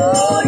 Oh,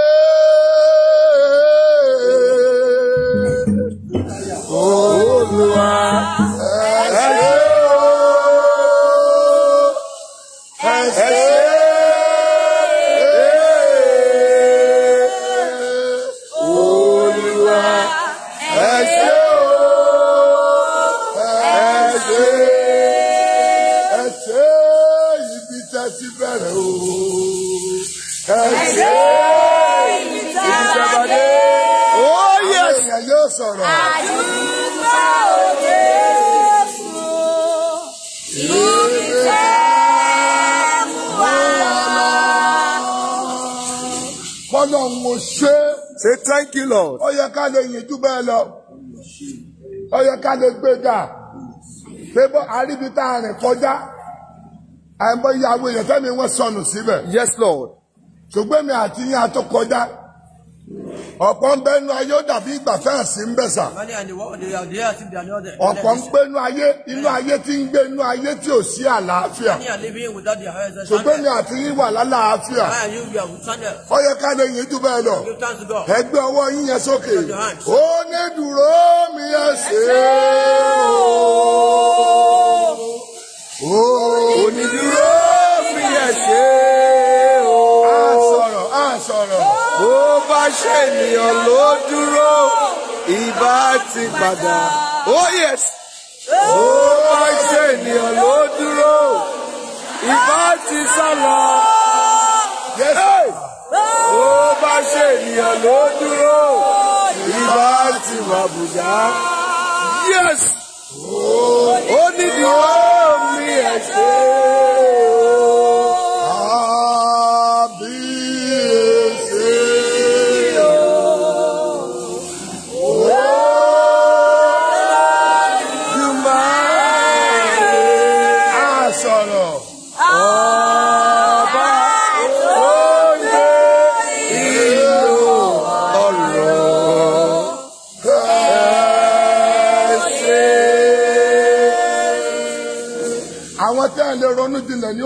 ká lè yìn bẹ́ẹ̀ lọ ó yẹ ká lè gbéga pé bó àríbi tá a rìn kọjá àìmọye àwọn èèyàn fẹ́mi wọ́n sọnù síbẹ̀. yes lord. ṣùgbọ́n mi àti yín a tó kọjá ọ̀pọ̀ ń bẹ́nu ayé ó dàbí ìgbà fẹ́ẹ̀ ń bẹ̀ sà. ọ̀pọ̀ ń gbénu ayé inú ayé tí ń gbénu ayé tí ò sí àlàáfíà. ṣùgbọ́n mi àti yín lálàáfíà. ó yẹ ká lè yín jù bẹ́ẹ̀ lọ. ẹ ọwọ́ yín yẹn sókè. ó ní dúró mi ẹ ṣe é ó ní dúró. bá ṣènìyàn ló dúró ìbá ti padà. Oh yes! Ó oh, bá ṣènìyàn ló dúró ìbá ti sálọ. Ó bá oh, ṣènìyàn ló dúró ìbá ti wà Yes! Oh, ó nídìí wọ́n mi ẹ̀ ṣe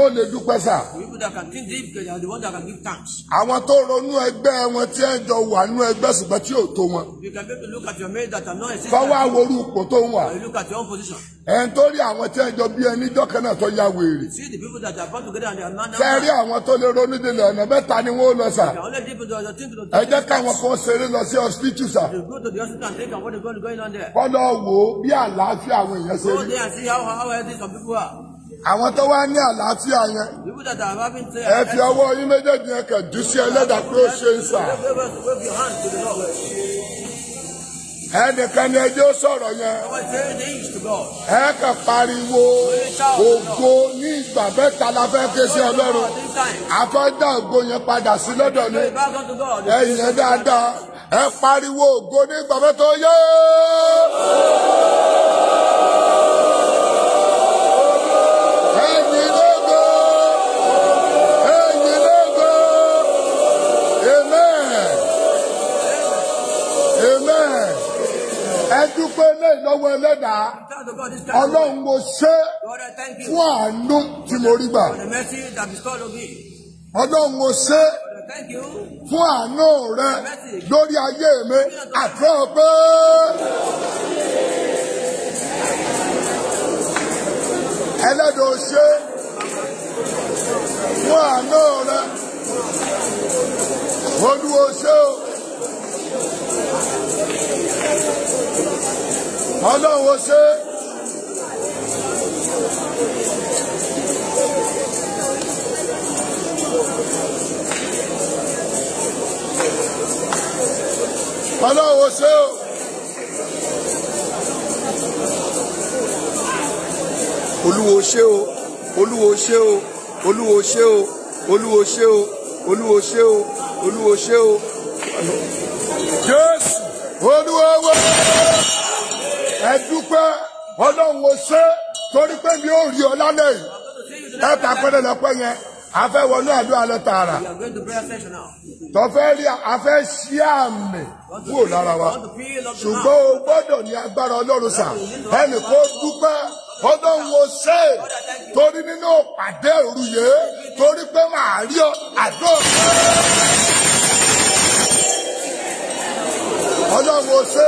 tó lè dúpẹ́ sà. people that can think deep they are the ones that can give thanks. àwọn tó ronú ẹgbẹ́ wọn tí ẹ jọ wà nínú ẹgbẹ́ ṣùgbọ́n tí ò tó wọn. you can maybe look at your mate that are not existing. fọwọ́ àworú ipò tó ń wà. you look at your own position. ẹ̀ ń torí àwọn tí ẹ jọ bí ẹni jọ́kẹ́ náà tó yá wèrè. see the people that are born together and they are not now. sẹ́ẹ̀rí àwọn tó lè ronú délé ọ̀nà mẹ́ta ni wọ́n lọ sà. ẹ jẹ́ káwọn kan ṣeré lọ sí hospital sà. kọ́ lọ wò ó bí àlàáfíà àwọn èèyàn ṣe rí àwọn tó wá ní àlàáfíà yẹn. ẹ fi ọwọ́ yín méjèèjì yẹn kàn jù sí ẹlẹ́dàá pé ó ṣe ń sà. ẹnìkan ni ẹjọ́ sọ̀rọ̀ yẹn. ẹ kàn pariwo ògo ní ìgbà mẹ́ta la fẹ́ ké sí ọlọ́run. àfọ́dá ògo yẹn padà sí lọ́dọ̀ ni. ẹ̀yìn yẹn dáadáa ẹ pariwo ògo ní ìgbà mẹ́ta ó yẹ. dúpẹ́ lẹ́yìn lọ́wọ́ ẹlẹ́dàá ọlọ́run mo ṣe fún àánú tí mo rí gbà ọlọ́run mo ṣe fún àánú rẹ lórí ayé mi àti ọpẹ́. ẹlẹ́dàá ṣe fún àánú rẹ olúwo ṣe o ọlọ́run ó ṣe. ọlọ́run ó ṣe o. olúwo ṣe o olúwo ṣe o olúwo ṣe o olúwo ṣe o olúwo ṣe o olúwo ṣe o. jésù olúwo wọ ẹ dúpẹ́ ọlọ́run ò ṣe torí pé mi ò rí ọ lálẹ́ yìí ẹ pàkọ́dọ̀ lọ́pẹ́ yẹn a wọnú àdúrà lọ tààrà tọ́fẹ́ rí a ṣí àmì kúrò lára wa ṣùgbọ́n o gbọ́dọ̀ ní agbára ọlọ́run sà ẹnì kó dúpẹ́ ọlọ́run ṣe torí nínú pàdé òru yìí torí pé màá rí ọ àdó ọlọ́run ṣe.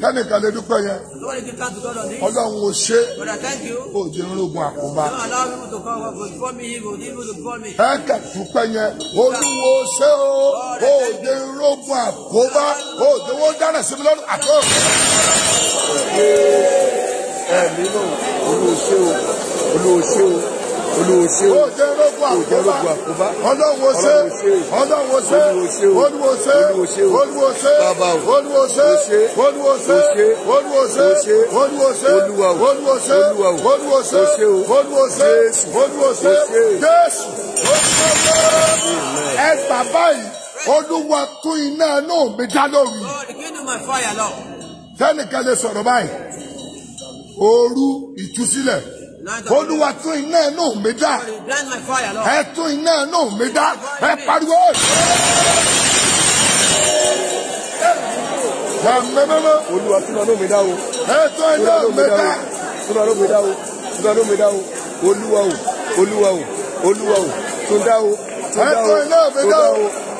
kẹ́nìkan lè dúpẹ́ yẹn ọlọ́run ò ṣe kò jẹ́ irúgbìn àkóbá ẹ̀ka yẹn olúwo ṣe o kò jẹ́ irúgbìn àkóbá kò jẹ́ sí mi lọ́rùn àtọ́. ẹ̀mí náà olúwo ṣe o olúwo ṣe o olúwo ṣe o òjẹ́rọ̀gbọ̀ àkóbá ọlọ́wọ́ ṣe ọlọ́wọ́ ṣe olúwo ṣe olúwo ṣe bàbá o olúwo ṣe olúwo ṣe olúwo ṣe olúwo ṣe olúwa o olúwo ṣe olúwo ṣe olúwo ṣe olúwo ṣe jésù ẹ bàbá yìí olúwa tún iná náà mi dá lórí. sẹ́nìkan oh, lè sọ̀rọ̀ báyìí ooru ìtúsílẹ̀ olúwa tún iná inú mi dá ẹ tún iná inú mi dá ẹ pariwo. Mẹ́mẹ́mẹ́. Olúwa tún iná inú mi dá o. Ẹ tún iná inú mi dá. Tún iná inú mi dá o. Tún iná inú mi dá o. Olúwa o. Olúwa o. Olúwa o. Tún dá o. Tún dá o. Ẹ tún iná mi dá o.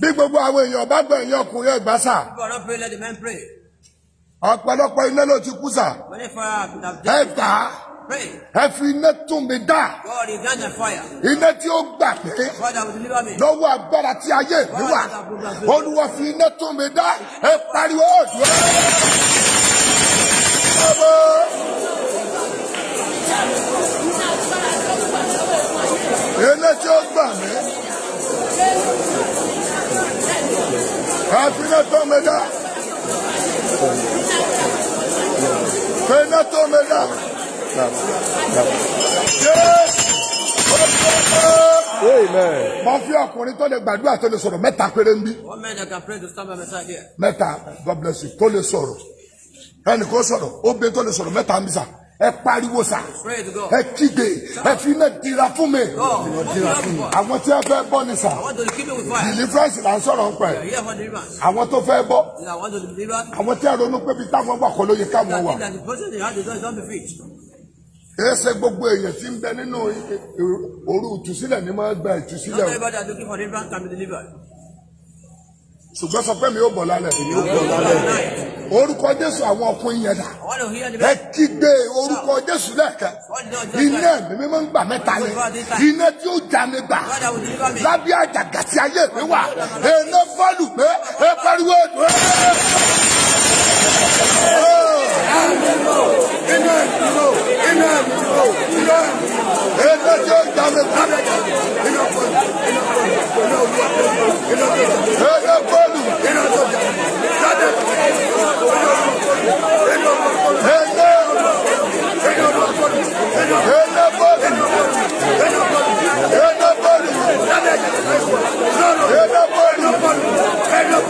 bí gbogbo àwọn èèyàn bá gbọ́ ẹ̀yin ọkùnrin ẹ̀ gbà sà. ọ̀pọ̀lọpọ̀ iná ló ti kú sà. ẹ gbà á ẹ fi iná tún mi dá iná tí ó gbà pé lọ́wọ́ agbára tí ayé mi wà olúwa fi iná tún mi dá ẹ pariwo òdùn ẹ. iná tí ó gbà mí. Afinato Meda. Fenato Meda. Amen. Mo fi ọkùnrin tó lè gbàdúrà tó lè sọ̀rọ̀ mẹ́ta péré ń bí. One man that can pray to stand by my side here. Mẹ́ta, God bless you, tó lè sọ̀rọ̀. Ẹnì kó sọ̀rọ̀, ó gbé tó lè sọ̀rọ̀ mẹ́ta ń bí sà ẹ pariwo sa ẹ kígbe ẹ fi iná dira fún mi àwọn tí wọn fẹ́ bọ́ ni sa deliverance là ń sọ̀rọ̀ ń pẹ àwọn tó fẹ́ bọ́ àwọn tí wọn ronú pé bí táwọn wà kọ ló yẹ káwọn wà ẹsẹ gbogbo èèyàn tí ń bẹ nínú òru ìtúsílẹ̀ ni máa gba ìtúsílẹ̀ o ṣùgbọ́n sọ pé mi ò bọ̀ lálẹ́. èmi ò bọ̀ lálẹ́. orúkọ jésù àwọn ọkùnrin yẹn dà. ẹ kígbe orúkọ jésù lẹ́ẹ̀kan. iná mi máa ń gbà mẹ́ta ni. iná tí ó já mi gbà. lábẹ́ àjàgà tí ayé mi wà. iná fọ́ọ̀lù pé ẹ pariwo ètò. iná mi lò iná mi lò iná mi lò iná mi lò. iná tí ó já mi gbà. iná fọ́ọ̀lù iná fọ́ọ̀lù iná fọ́ọ̀lù iná fọ́ọ̀lù. Nobody! Nobody! Nobody!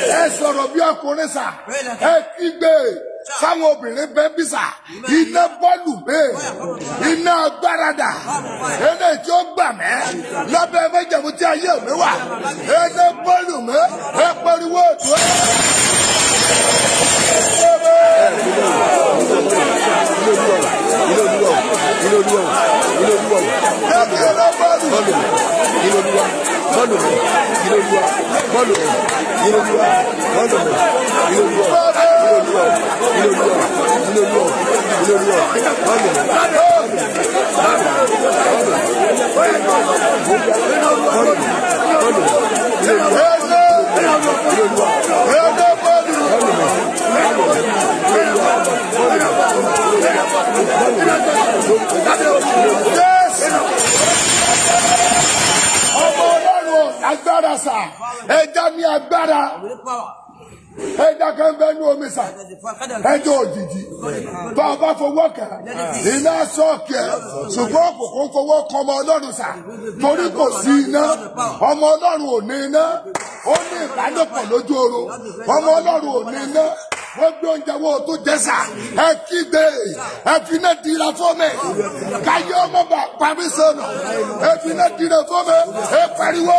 ẹ sọ̀rọ̀ bí ọkùnrin sà ẹ kígbe sáwọn obìnrin bẹ́ẹ̀ bí sà iná bọ́ọ̀lù bẹ́ẹ̀ iná agbáradà eléyìí tí ó gbà mẹ́ lábẹ́ méjèèmú tí ayé mi wà iná bọ́ọ̀lù mẹ́ ẹ pariwo òtún ẹ. Ilé olúwa o, ilé olúwa o, ilé olúwa o, ilé olúwa o, ilé olúwa o bọ́ọ̀lù mi ìlòlúwa bọ́ọ̀lù mi ìlòlúwa bọ́ọ̀lù mi ìlòlúwa ìlòlúwa ìlòlúwa ìlòlúwa ìlòlúwa bọ́ọ̀lù mi bọ́ọ̀lù mi bọ́ọ̀lù mi bọ́ọ̀lù mi ìlòlúwa ìlòlúwa ìlòlúwa bọ́ọ̀lù mi. Yes! agbára sà ẹ dá mi agbára ẹja kan bẹ ní omi sa ẹja òjijì tó o bá fowó kẹ iná sọọkì ẹ ṣùgbọ́n òkòkò ń fowó kọ ọmọ ọlọ́run sa torí kò sí iná ọmọ ọlọ́run ò ní iná ó ní ìbálòpọ̀ lójú oorun ọmọ ọlọ́run ò ní iná wọ́n gbé oúnjẹ wo tó jẹ sà ẹ kígbe ẹ fi iná dira fún mi káyé ọmọ bá parí sọnù ẹ fi dira fún mi ẹ pariwo.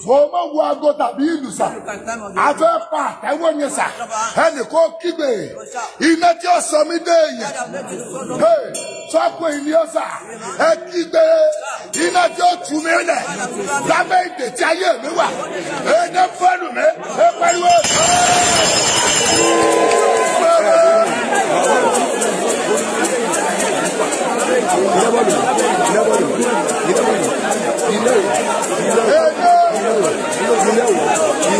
kò má wo aago tàbí ìlù sà a fẹ́ pa àtẹ́wọ́ yẹn sà ẹnì kó kígbe iná tí ó sọ mí dé èèyàn sọ́kùn ìní ó sà ẹ kígbe iná tí ó tù mí lẹ̀ lábẹ́ ìdè tí ayé mi wà ẹ ní fọ́ọ̀nù mi ẹ pariwo.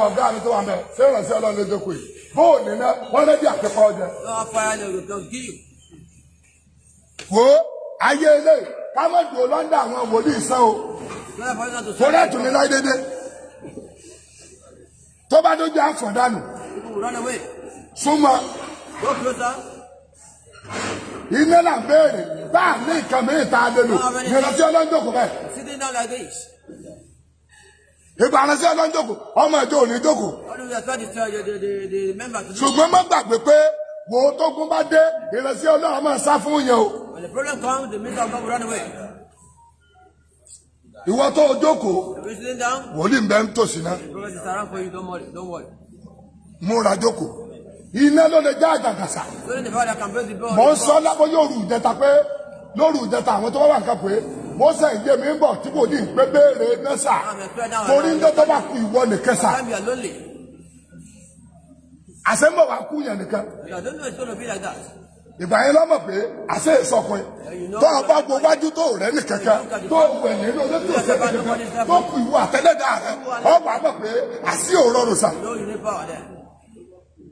àwọn ọ̀gá mi tó wà mẹ́ ṣé ìrànṣẹ́ ọlọ́run ló jókòó yìí bóò ní ná wọ́n lé bí àtẹ́kọ́ ọjọ́. wo ayé ilé kámẹ́tì olóńdà àwọn wòlíì sẹ́ o torí ẹ̀tún mi láì dédé tó bá dójú àfọ̀dánù súnmọ́ iná là ń béèrè bá a ní nǹkan mìíràn tá a lè lò ìrànṣẹ́ ọlọ́run jókòó bẹ́ẹ̀ ìgbà aránṣẹ́ ló jókòó ọmọ ìjọ ò ní jókòó. ṣùgbọ́n má gbàgbé pé wo tógun bá dé ìrẹsẹ́ ọlọ́run máa sá fún yẹn o. When the problem comes, the minister of away ìwọ tó o jókòó wòlíì bẹ ń tòsí ná múra jókòó iná ló lè já àgàgàsà mọ ń sọ lábọ yóò rù ìjẹta pé lóru ìjẹta àwọn tó wà wà nǹkan mọ́sá ìjẹ́ mi ń bọ̀ tí kò ní ìpé béèrè nẹ́sà torí ńdọ́tọ́ bá kú ìwọ nìkan sà àṣẹ́mbọ̀ wá kú yẹn nìkan. ìgbà yẹn lọ́mọ̀ pé àṣẹ ìsọkùn tó o bá gbọ́ wájú tó rẹ̀ nìkankan tó o wẹ̀ ní lóde tó o sẹ́ni kankan tó kú ìwọ àtẹ́lẹ́dà rẹ̀ ọ̀ wà mọ̀ pé àṣì òrọ̀rùn sà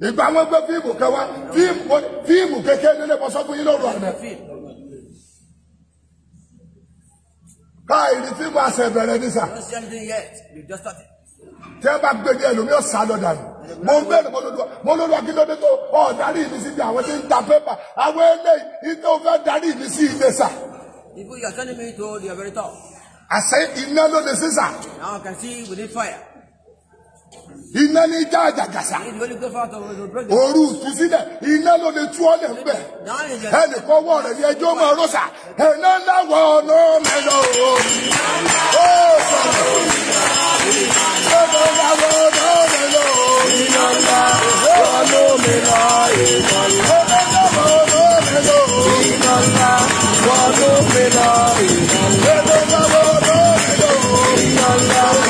ìgbà wọn gbé fíìmù kẹwàá fíìmù kékeré lè bọ́ sọ́kùn yín lóru àná. báyìí ni fíìmù àṣẹ ìbẹ̀rẹ̀ ní sà. tẹ́ bá gbẹdẹ ẹlòmí ọ̀sán lọ́dà yìí mo ń bẹ̀rẹ̀ mo lọ́dọ̀ mo lọ́dọ̀ kí ló dé tó ọ̀darí oh, mi sí ibi àwọn tí ń ta pépà àwọn eléyìí iná fẹ́ darí mi sí ilé sà. ìbú yàtọ̀ ni mi tó di ọ̀bẹ̀rẹ̀ tọ̀. àṣẹ iná ló lè sísà. now I can see within fire iná ní já àjàgàsà òru ìtúsílẹ̀ iná ló lè tú ọ́lẹ̀ ń bẹ̀ ẹnìkan wọ̀ rẹ̀ ní ẹjọ́ máa rọ́ṣà iná ńlá wọ ọ̀nà mẹ́lọ o ó sọ̀rọ̀ iná ńlá wọ ọ̀nà mẹ́lọ o iná ńlá wọ ọ̀nà mẹ́lọ iná ńlá wọ ọ̀nà mẹ́lọ iná ńlá wọ ọ̀nà mẹ́lọ iná ńlá wọ ọ̀nà mẹ́lọ iná ńlá.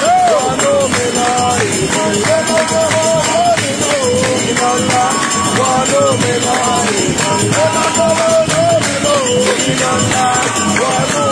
Africa.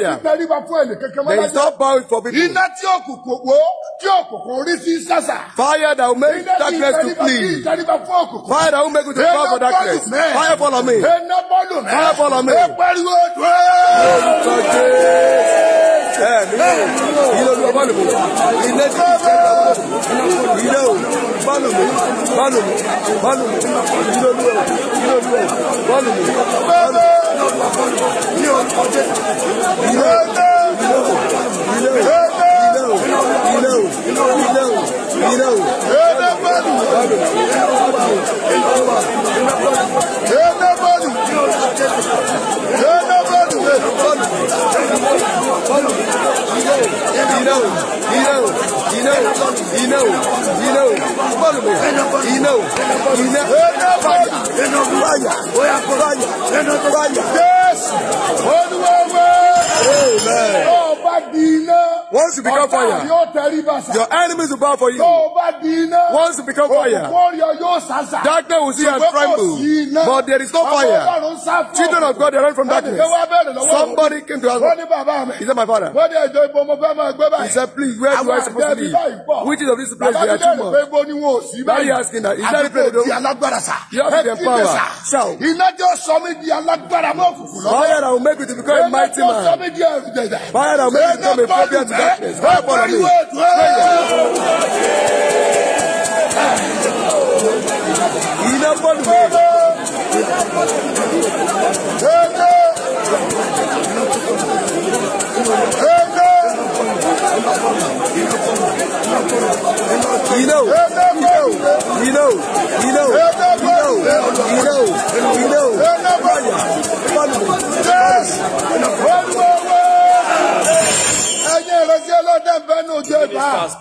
prayer. There is no power for people. Fire that will make darkness to flee. Fire that will make you to fall for darkness. Fire follow me. Fire follow me. Ilé olúwa bá ní orúkọ Jésù. ilé o ilé o ilé o ilé o ilé o ilé o ilé o. ilé bọ́ọ̀lù ilé bọ́ọ̀lù ilé bọ́ọ̀lù. Yes! Amen. Once you become fire, your enemies will bow for you. Once you become fire, darkness will see and tremble. But there is no fire. Children of God, they run from darkness. Somebody came to us. He said, My father. He said, Please, where do I supposed to be? Which is of these places There are two more. Daddy asking that. Is that the place? You have the power. He not just Shout. Fire that will make you to become a mighty man. Fire that will make you become a phobia to darkness. Fire for me. Enough for me. Enough for me. Ministers,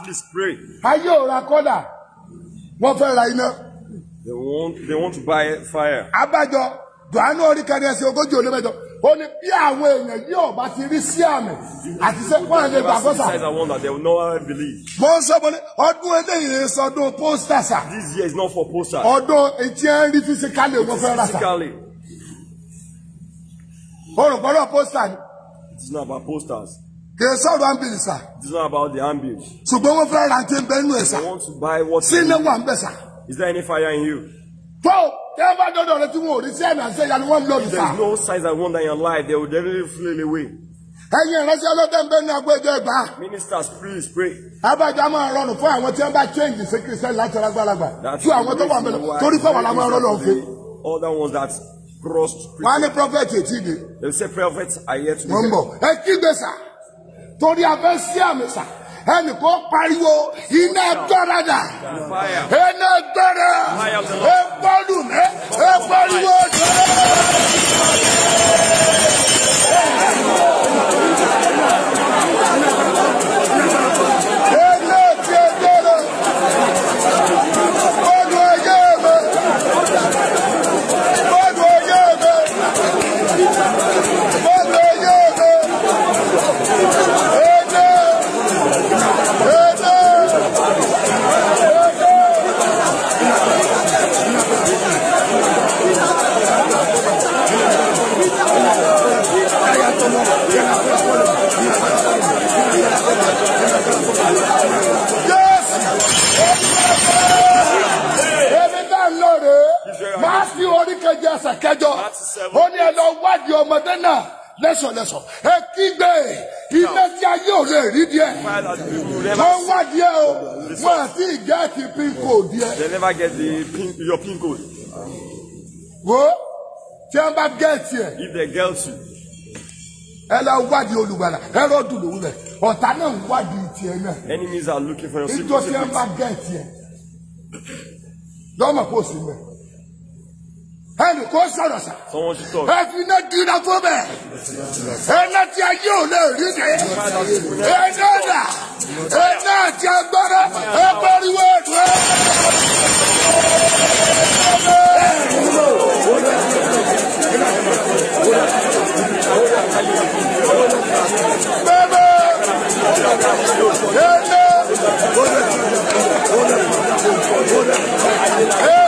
please pray. Ayé ò ra kọ́dà. Wọ́n fẹ́ ra iná. They want, they want to buy fire. Abájọ, Dùhánú orí kẹrin ẹsẹ̀ ogójì olómẹ́jọ ó ní bí àwọn èèyàn yìí ọba ti rí sí àmì àti ṣe fún ẹni gbàgbọ́ sà. mo ń sọ pé ọdún eléyìí sọdún pósítà sà. this year is not for poster. ọdún etí ẹ ń rí fisikali owó fẹ́ rà sà. olùkọ́rọ̀ pósítà ni. it is not about posters. Kìí sọ̀rọ̀ ambil sà. it is not about the ambil. ṣùgbọ́n wọ́n fẹ́ ra ti ń bẹ́ẹ̀ nù ẹ̀ sà. they want to buy what. sílẹ̀ wà ń bẹ̀ sà. is there any fire in you? There is no size and wonder in your life, they will definitely flee away. Ministers please pray. Abájá máa rọrùn fún àwọn tí wọ́n bá change sí Christian láti alágbàlagbà. Fún àwọn tó wà mẹ́lẹ̀ torí pé wọ́n la máa Other ones that cross. Wọ́n á prophet ètí They say prophets are yet to be. Remember, bọ̀ ẹ kígbe sà torí a fẹ́ ẹnìkan pariwo iná gbọ́ra dà iná gbọ́ra ẹ bọ́lù mẹ́ ẹ pariwo dà. Matthew orí kẹjọ ẹsẹ̀ kẹjọ ó ní ẹ lọ wádìí ọmọdé náà lẹ́sọ̀lẹ́sọ̀ ẹ kígbe iná tí ayé ò lè rí díẹ̀ wọ́n wádìí ẹ o wọ́n àti ìgẹ́ẹ̀tì pin code yẹ. They never get the pin, your pin code. wo tí wọ́n bá gẹ́ẹ̀tì ẹ̀. If they get you. ẹ lọ wádìí olùgbàlà ẹ rọ́ọ̀dù lòun rẹ̀ ọ̀tá náà wádìí tiẹ̀ náà. Enemies are looking for your secret. nítorí wọ́n bá gẹ́ẹ̀tì ẹ̀ lọ́mọ̀ kó o sì ẹnì kò sọ̀rọ̀ sà. ẹbí náà dira fún bẹ́ẹ̀. ẹnà tí a yóò lè rí de. ẹnà dà ẹnà tí a gbọ́dọ̀ ẹ pariwo ẹ̀dùn ẹ̀. Bẹ́ẹ̀ni, ẹnà, ẹnà.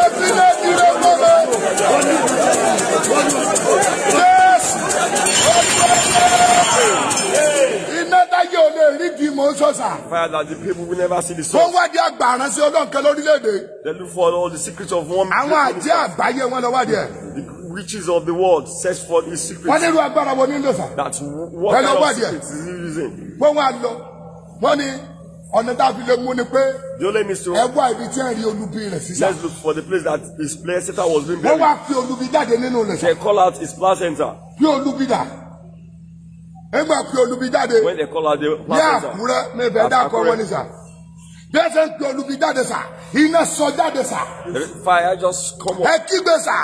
mò the people will never see the sun. wọ́n wádìí àgbà àránṣẹ́ ọlọ́nkẹ́ lórílẹ̀‐èdè. they look for all the secrets of one. àwọn àjẹ́ àgbáyé wọn lọ wádìí ẹ̀. the riches of the world search for the secrets. wọ́n nílò agbára wo nílò sà. that what kind of secret is he using. wọ́n wá lọ wọ́n ní ọ̀nà tá a fi lè mú ni pé. the only mystery. ẹ wá ibi tí ẹ rí olubi rẹ̀ sísá. let's look for the place that his place center was being buried. wọ́n wá fi olubi jáde nínú rẹ̀ they call out his placenta. bí olubi dà ẹgbà pé olùbíjáde ní àkúrẹ́ mi fẹ́ dákọ̀ wọ́n ní sà bí ẹ ṣe ń pè olùbíjáde sà iná sọ jáde sà ẹ kígbe sà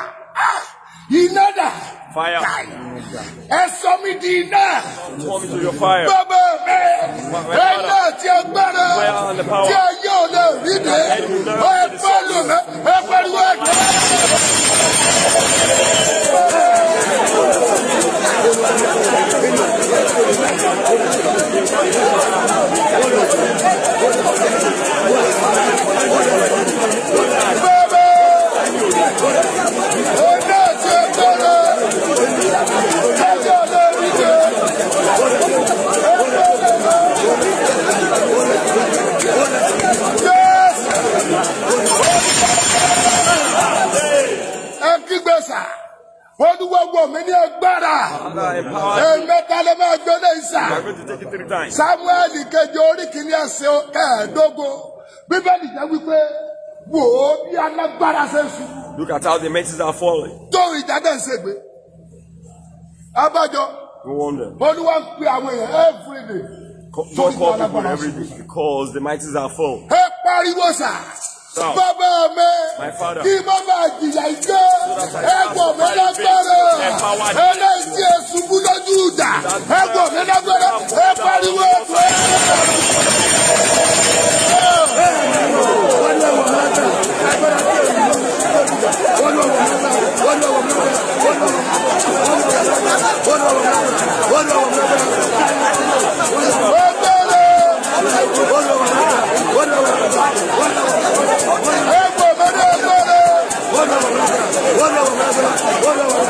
iná dà ẹ sọ mi di iná bàbá mi ẹ náà ti agbára tí ẹ yẹ ò lè rí de ẹ bá lò ẹ pariwo ẹ kígbe sá olúwa wọ̀ ní agbára ẹ̀mẹ́ta ló máa gbélé ìsà samuel kejì orí kìíní kẹẹ̀ẹ́dógún bíbélì jẹ́ wípé wò ó bí alágbára ṣe sùn. look at how the mercies are falling. tó ìjà náà ṣègbè abájọ olúwa ń pe àwọn èèyàn every day. God call people every day because the mercies are falling. ẹ pariwo sá bàbá mi kí bàbá àjìyà ìjọ ẹ̀gbọ́n mi lágbára ẹlẹ́sìn ẹ̀ṣubú lójú ìjà ẹ̀gbọ́n mi lágbára ẹ pariwo ẹ̀gbọ́n mi lágbára. Ọgbẹ́rẹ́. One Guarda, guarda, guarda, guarda, guarda,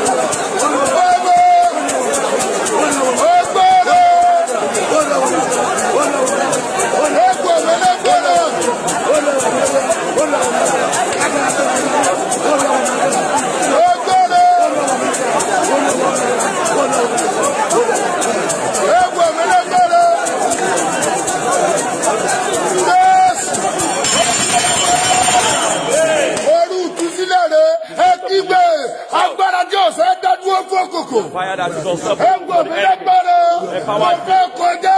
of fire that is unstoppable. ẹ gbọ́ mi lágbára ẹ fẹ́ kọjá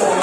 ẹ Thank you.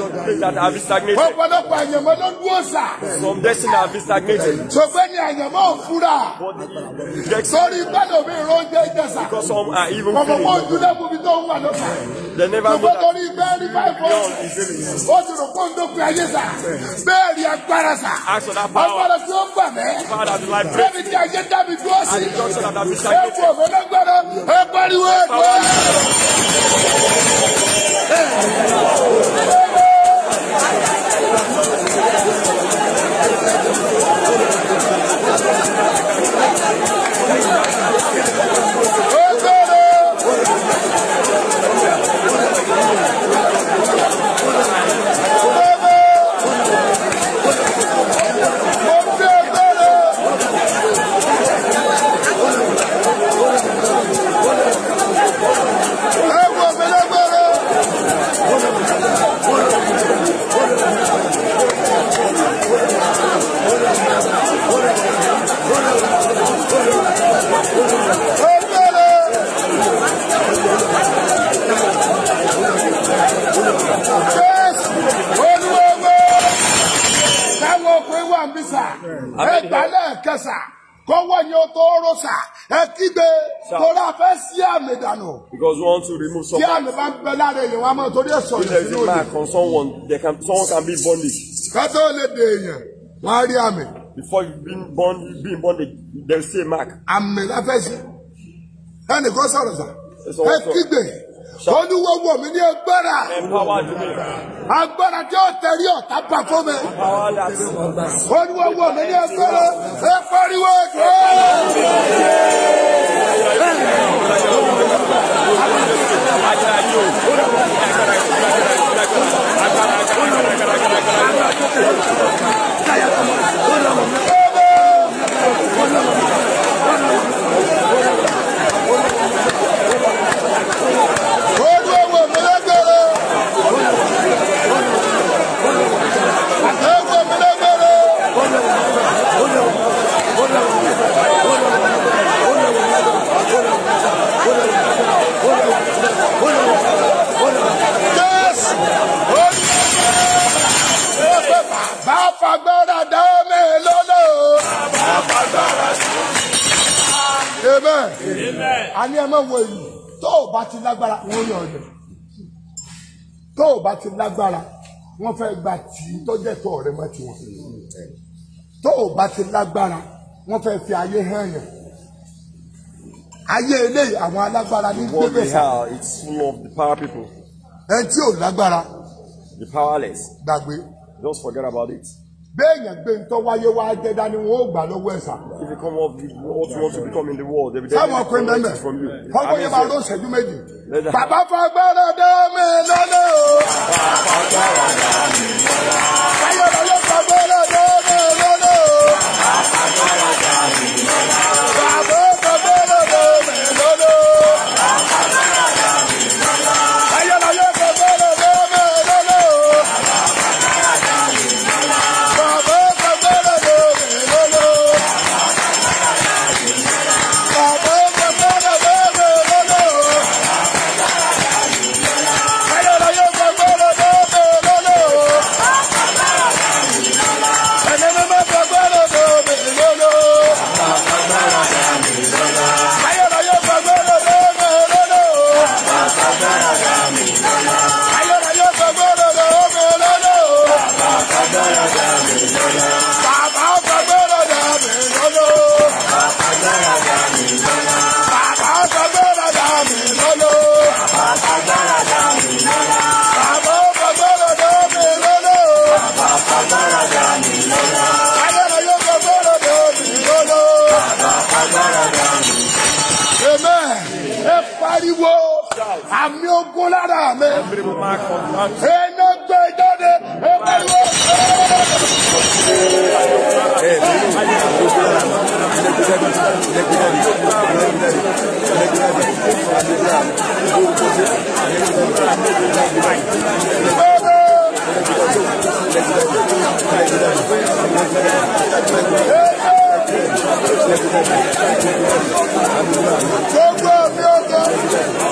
that have been stagnated. ọ̀pọ̀lọpọ̀ àyànmọ́ ló dúró sà. some destiny have been stagnated. ṣùgbọ́n ní àyànmọ́ ò fura. sórí gbọ́dọ̀ mi ìró ń because some are even feeling. ọmọ ojú lẹ́kùn mi tó ń wà lọ́sà. they never know that. ṣùgbọ́n torí bẹ́ẹ̀ ni báyìí fọ́. ó ti rò pé ń dókun ayé sà. bẹ́ẹ̀ ni agbára sà. agbára tí ó ń bà mẹ́. bẹ́ẹ̀ ni ayé dábì dúró sí. ẹ kú òfin lọ́gbọ́dọ̀ ẹ pariwo ẹ pariwo. 감사합니다. 어, kọ́wọ́ ni tó rò ẹ kígbe torí fẹ́ sí àmì dànù. because we want to remove some. tí àmì bá ń bẹ lára èèyàn wa mọ̀ torí èso yìí sínú òde. if mark on someone they can someone can be bondage. kátó lè dè èèyàn wọ́n á rí àmì. before you been born you been born there is a mark. àmì la fẹ́ sí ẹnì kan sọ̀rọ̀ sà ẹ kígbe olúwo wọ̀ mí ní agbára agbára tí ó tẹ̀rí ọ̀tá bá fún mi olúwo wọ̀ mí ní agbára ẹ pariwo ẹgbẹ́. Thank you. fagbára dá mi lọ́lọ́. bàbá fagbára mi lọ́lọ́. amen. ẹ máa wọ ìlú tó o bá ti lágbára wọn yàn ọ̀dẹ̀ tó o bá ti lágbára wọn fẹ́ gba tì í tọ́jẹ́ tó ọ̀rẹ́ mọ́ tiwọn tó o bá ti lágbára wọn fẹ́ fi ayé hàn yàn ayé eléyìí àwọn alágbára ní gbẹgbẹ it's full the power people. ẹ tí ò lágbára. the powerless. gbàgbé. just forget about it béèyàn gbé ń tọ́ wáyé wá jẹ́ dání wọn ó gbà lọ́wọ́ ẹ̀sà. if you come up with what you want to become in the world every day. sáwọn ọkùnrin mẹ́mẹ́ kọ́kọ́ yẹn máa ló ṣẹ́jú méjì. bàbá fagbára dá mi lọ́nà o. bàbá fagbára dá mi lọ́nà. ayọ̀rọ̀ yóò fagbára dá mi lọ́nà o. àmì ogun lára mi. Iná gbé jáde ẹgbẹ́ ìwé. Gbogbo mi ọ̀gá.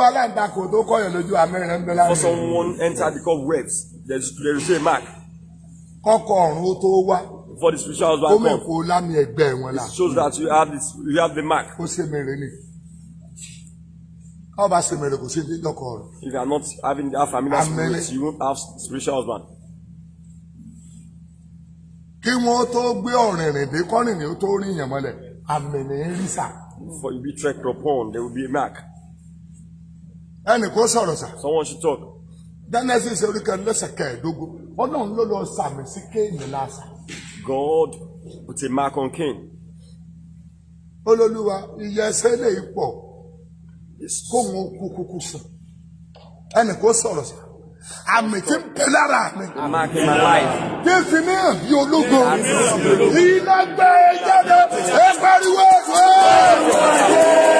For someone entered the cobwebs, there's there is a mark. Kọ́kọ́ For the spiritual husband. Ó It shows that you have this you have the mark. Ó ṣe mèrè ni. How about Semere kò If you are not having that familiar spirit, you won't have spiritual husband. Kí wọ́n tó gbé ọ̀rìnrìn dé kọ́rìnrìn tó rí ìyàn mọ́lẹ̀, àmì ní rísà. For you be trekked upon, there will be a mark ẹnì kó sọ̀rọ̀ sà. someone should talk. Genesis orí kan lẹ́sẹ̀ kẹẹ̀ẹ́dógún ọlọ́run ló lọ sàmì sí kéènì lásà. God put a mark on Cain. olólùwà ìyẹsẹ́ lè pọ̀ kóhun kúkúkú sùn ẹnì kó sọ̀rọ̀ sà àmì tí ń bẹ lára mi. kí n fi ní àbí ológo iná gbé jáde ẹ pariwo ẹ.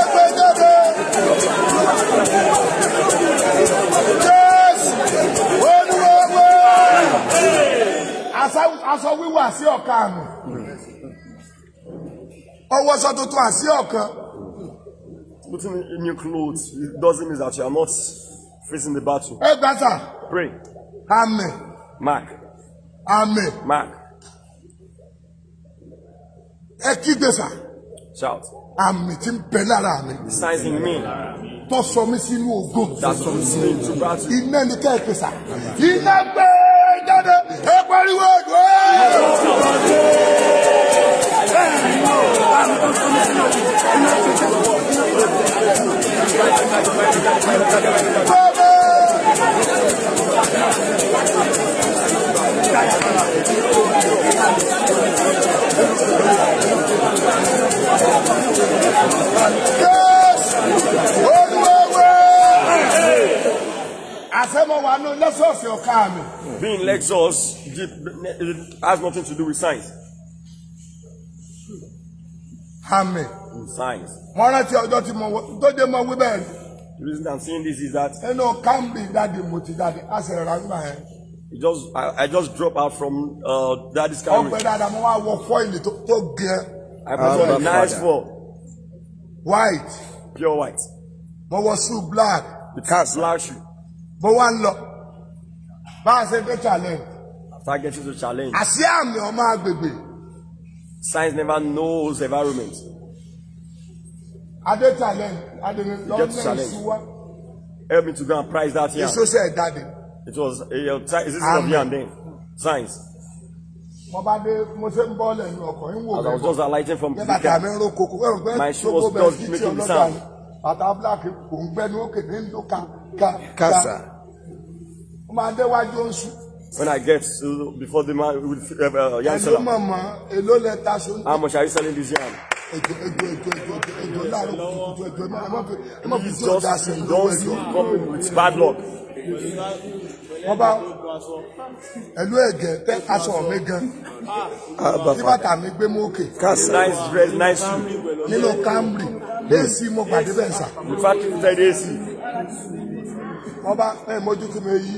aṣọ wíwọ̀ àṣì ọ̀kan àrùn ọwọ́ aṣọ tuntun àṣì ọ̀kan. Putting in new clothes it doesn't mean that you are not facing the battle. Ẹ gbà sà. Pray. Amen. Mark. Amen. Mark. Ẹ kígbe sà. Shout. Àmì tí ń bẹ lára mi. The signs in me tó sọ mí sínú ògo. That sọ mí sínú ìtura. Iná ni kẹ́ẹ̀kì sà. Iná gbẹ́ẹ́ jáde ẹ pariwo ògo. Yes! Oh! being lexus has nothing to do with science. àmì. science. mo rántí ọjọ́ tí mo tó dé mọ wí the reason i'm saying this is that. ẹnu kambi dadi mo daddy, dadi a sì rà nígbà yẹn. It just I, I just drop out from uh, daddy's car. ọpẹ dada mo wá wọ fọyìlì tó tó gẹ. I put on a nice for. white. pure white. mo was so black. because cat black shoe bó wá ń lọ bá a ṣe fẹ́ challenge. targeted to challenge. àṣé àmì ọmọ agbègbè. science never knows environment. adé challenge adé lọ́nà ìṣúwá. help me to go and price that yam. èso ṣe ẹ̀ jáde. it was a uh, is this of yam then science. mo bá dé mo ṣe ń bọ́ lẹ́nu ọkọ̀ ń wò. as I was just alighting from the car. yẹ́n bàtà mi ń ro koko ẹ̀rù bẹ́ẹ̀ my shoe was just making sound. bàtà black kò ń gbẹ́nu òkè ní ìlú ká ká ká. When I get uh, before the man with uh, yam seller, how much are you selling this yam? Please just don't come with bad luck. wọ́n bá ẹlú ẹ̀gẹ́ tẹ́ aṣọ mi gan tí mi gbé mókè nínú camry lẹ́sí mo pàdé bẹ́ẹ̀ wọ́n bá ẹ̀ mójútó mi yí.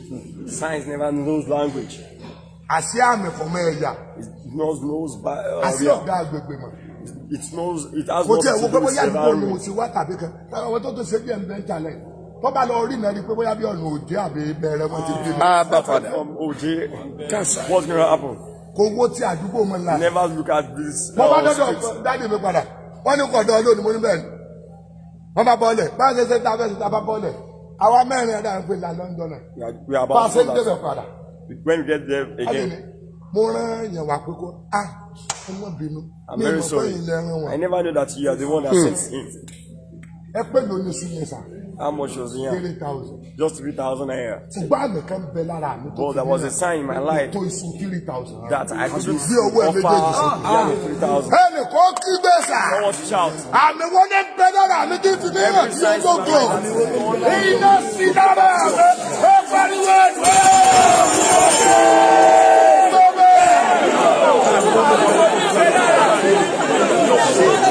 Science never knows language. Àṣé àmì kò mọ ẹ̀yà. It knows knows by uh, Àṣé ọ̀gá agbègbè mọ̀. It knows it has not to do with several Mo tiẹ̀ wo pé bóyá ìbò ni mo wá tàbí kan. Àwọn tó tó ṣe bí ẹ̀mí bẹ́ẹ̀ jalè. Tó lọ rí náà pé bóyá bí ọ̀nà òde àbí bẹ̀rẹ̀ wọn ti bí. Ah, bá padà. Òde, what's gonna happen? Kò wo ti àdúgbò mọ̀ náà. Never look at this. Mo bá oh, dọ́dọ̀ dáàdì mi padà. Wọ́n ní kọ̀dọ̀ ọdún mo ní bẹ́ẹ̀ ni. Wọ́n bá bọ́ọ̀lẹ̀. Báyọ̀ àwa mẹ́rin ẹ̀dá ń la London náà pàṣẹ débẹ̀ padà. mo rán yẹn wá pé kó ah ọmọ bínú. I'm very sorry I never knew that you are the one that hmm. sent him ẹ pé ló ní sùn yẹn how much was it yan. three thousand. just three thousand naira. ṣùgbọ́n àmì bẹ lára mi. but there was a sign in my life. three thousand. that I could be owó ẹ méjèèjì sùn. yanni three thousand. ẹnì kan kí bẹ́ẹ̀ sà. someone shout. àmì wọn ní bẹ lára mi kí fi ní ìhàn tí ó iná sí lára mi pariwo ẹ̀dùn. Thank you.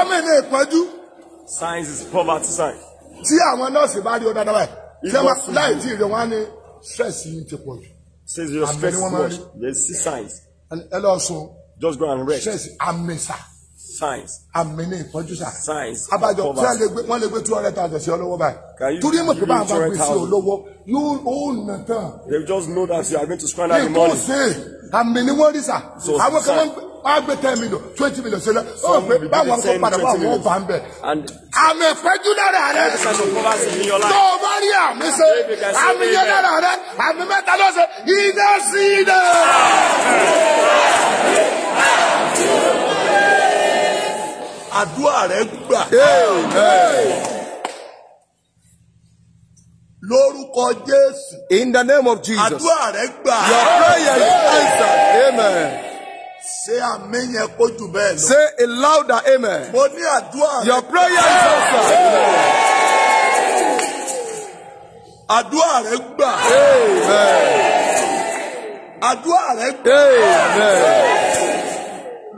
famine ní ìpọ́njú. signs is poverty sign. tí àwọn nọ́ọ̀sì bá rí o dáadáa báyìí láì tí ìrẹ̀ wọn á ní stress yìí ti pọ̀ jù. says your stress is much there is six signs. ẹ lọ sùn. just go and rest. stress àmì sà. signs. àmì ní ìpọ́njú sà. signs of poverty. abájọ tí wọ́n lè gbé wọ́n lè gbé two hundred thousand sí olówó báyìí. torí mọ̀ pé bá a bá gbé sí olówó yóò ó they just know that you are going to squander the money. ètò ṣe àmì ni wọ́n rí sà. so sign wọ́n gbé ten million twenty million sílẹ̀ ó pé báwọn kò padà bá wọn bá ń bẹ̀. àmì ìpẹ́jú lára rẹ̀ tó o bá rí àmì ṣe àmì yẹn lára rẹ̀ àmì mẹ́ta ló ṣe iná sí iná. àdúrà rẹ̀ gbà. Lórúkọ Jésù. In the name of Jesus. Àdúrà rẹ̀ gbà. Your prayer is answered. Amen. Say amen yẹn kó jù bẹ́ẹ̀ lọ. Say a louder amen. Mo ní àdúrà. Your prayer is answered. Àdúrà rẹ gbà. Àdúrà rẹ gbà.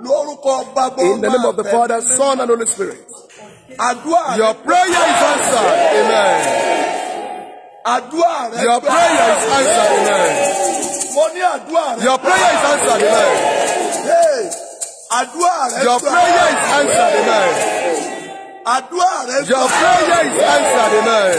Lórúkọ bàbá In the name of the Father, Son and Holy Spirit. Àdúrà rẹ gbà. Your prayer is answered. Amen. Àdúrà rẹ gbà. Your prayer is answered. Amen. Mo ní àdúrà rẹ gbà. Your prayer is answered. Amen. Your prayer is answered amen. Àdúrà Your prayer is answered amen.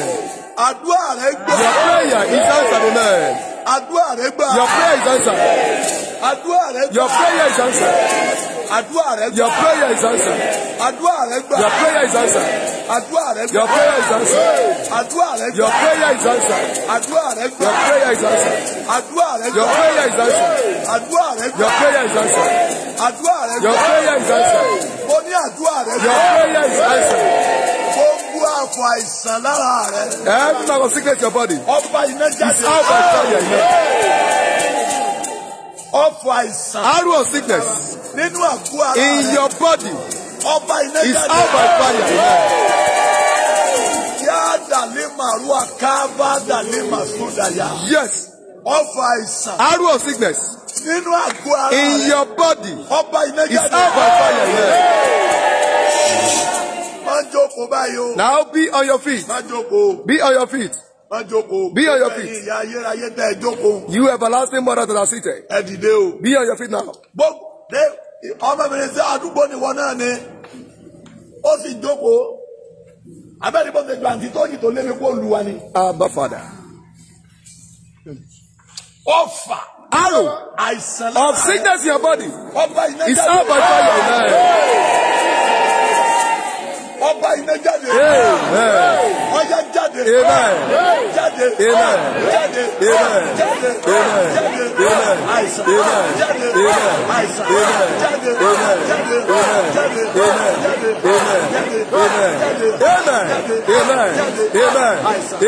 Àdúrà Your prayer is answered amen. Àdúrà Your prayer is answered. Your prayer is answered. Your prayer is answered. Your prayer is answered. Àdúrà Your prayer is answered. Àdúrà Your prayer is answered. Àdúrà Your prayer is answered. Àdúrà Your prayer is answered. Àdúrà Your prayer is answered. Àdúrà Your prayer is answered. Mo ní Your prayer is answered gbogbo àpò àìsàn lára rẹ. Every man will secret your body. Ọba iná jáde. It's out by fire iná. Ọ̀pọ̀ àìsàn. Arrow of sickness. In your body out by fire. It's out by fire. Yes. Ọfà àìsàn. Arrow of sickness. Nínú àgọ́ In your body. Ọba iná jáde. It's all by fire Yes. Now be on your feet. Be on your feet. Be on your feet. You have a lasting jókòó. mother that are seated. Ẹ Be on your feet now ó sì jókòó abẹ́rẹ́ bó ṣe ju àǹtí tóyìn tó lé mi kó lu ni. abba father. ọfà. arrow. of sickness in your body. ọba is all by fire in your life ọba iná jáde ọjà jáde jáde jáde jáde àìsàn jáde àìsàn jáde jáde jáde jáde jáde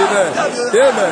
jáde jáde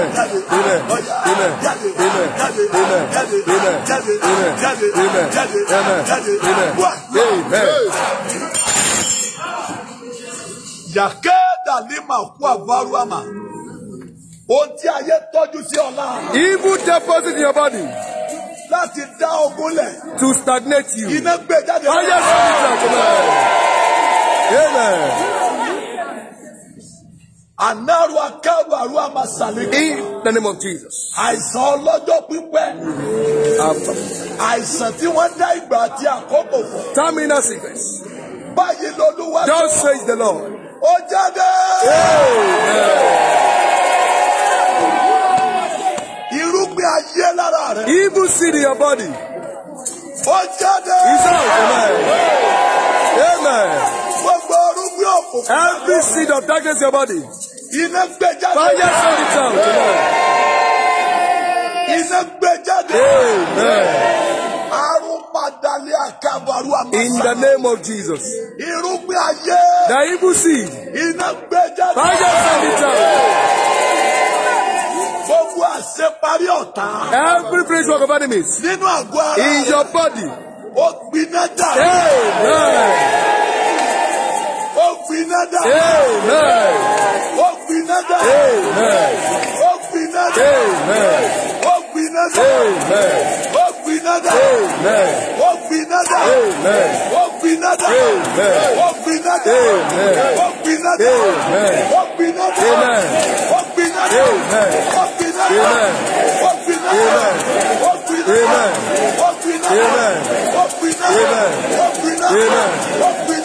yàkẹ́ dàlímà kú àbárú àmà ohun tí ayé tọ́jú sí ọ̀la. evil deposit in your body. láti dá ogun lẹ̀. to stagnate you. iná gbé jáde. ayé sọ́ni ìjà kò mẹ́rin. amen. amen. In the name of Jesus. I saw pípẹ́. Àìsàn tí wọ́n dá ìgbà àti àkókò fún. Terminal sickness. Báyìí lolúwa. Just says the Lord. Ó jáde. Irúgbìn ayé lára rẹ̀. Evil seed in your body. Ó jáde. He's out. Amen. Amen. Every seed of darkness in your body iná gbé jáde. fire send it out iná gbé jáde. amen. padà lé àkàbàrú àmàlà. in the name of Jesus. irúgbìn ayé. the evil seed. iná gbé jáde. fire send it out gbogbo àṣeparí ọ̀tá. every place work of enemies. nínú àgọ́ ara rẹ. in your body. ó gbiná jà. amen ó fi iná amen. ó fi iná dà. ó fi iná dà. ó fi iná dà. ó fi iná dà. ó fi iná dà. ó fi iná dà. ó fi iná dà. ó fi iná dà. ó fi iná dà. ó fi iná dà. ó fi iná dà. ó fi iná dà. ó fi iná dà. ó fi iná dà. ó fi iná dà.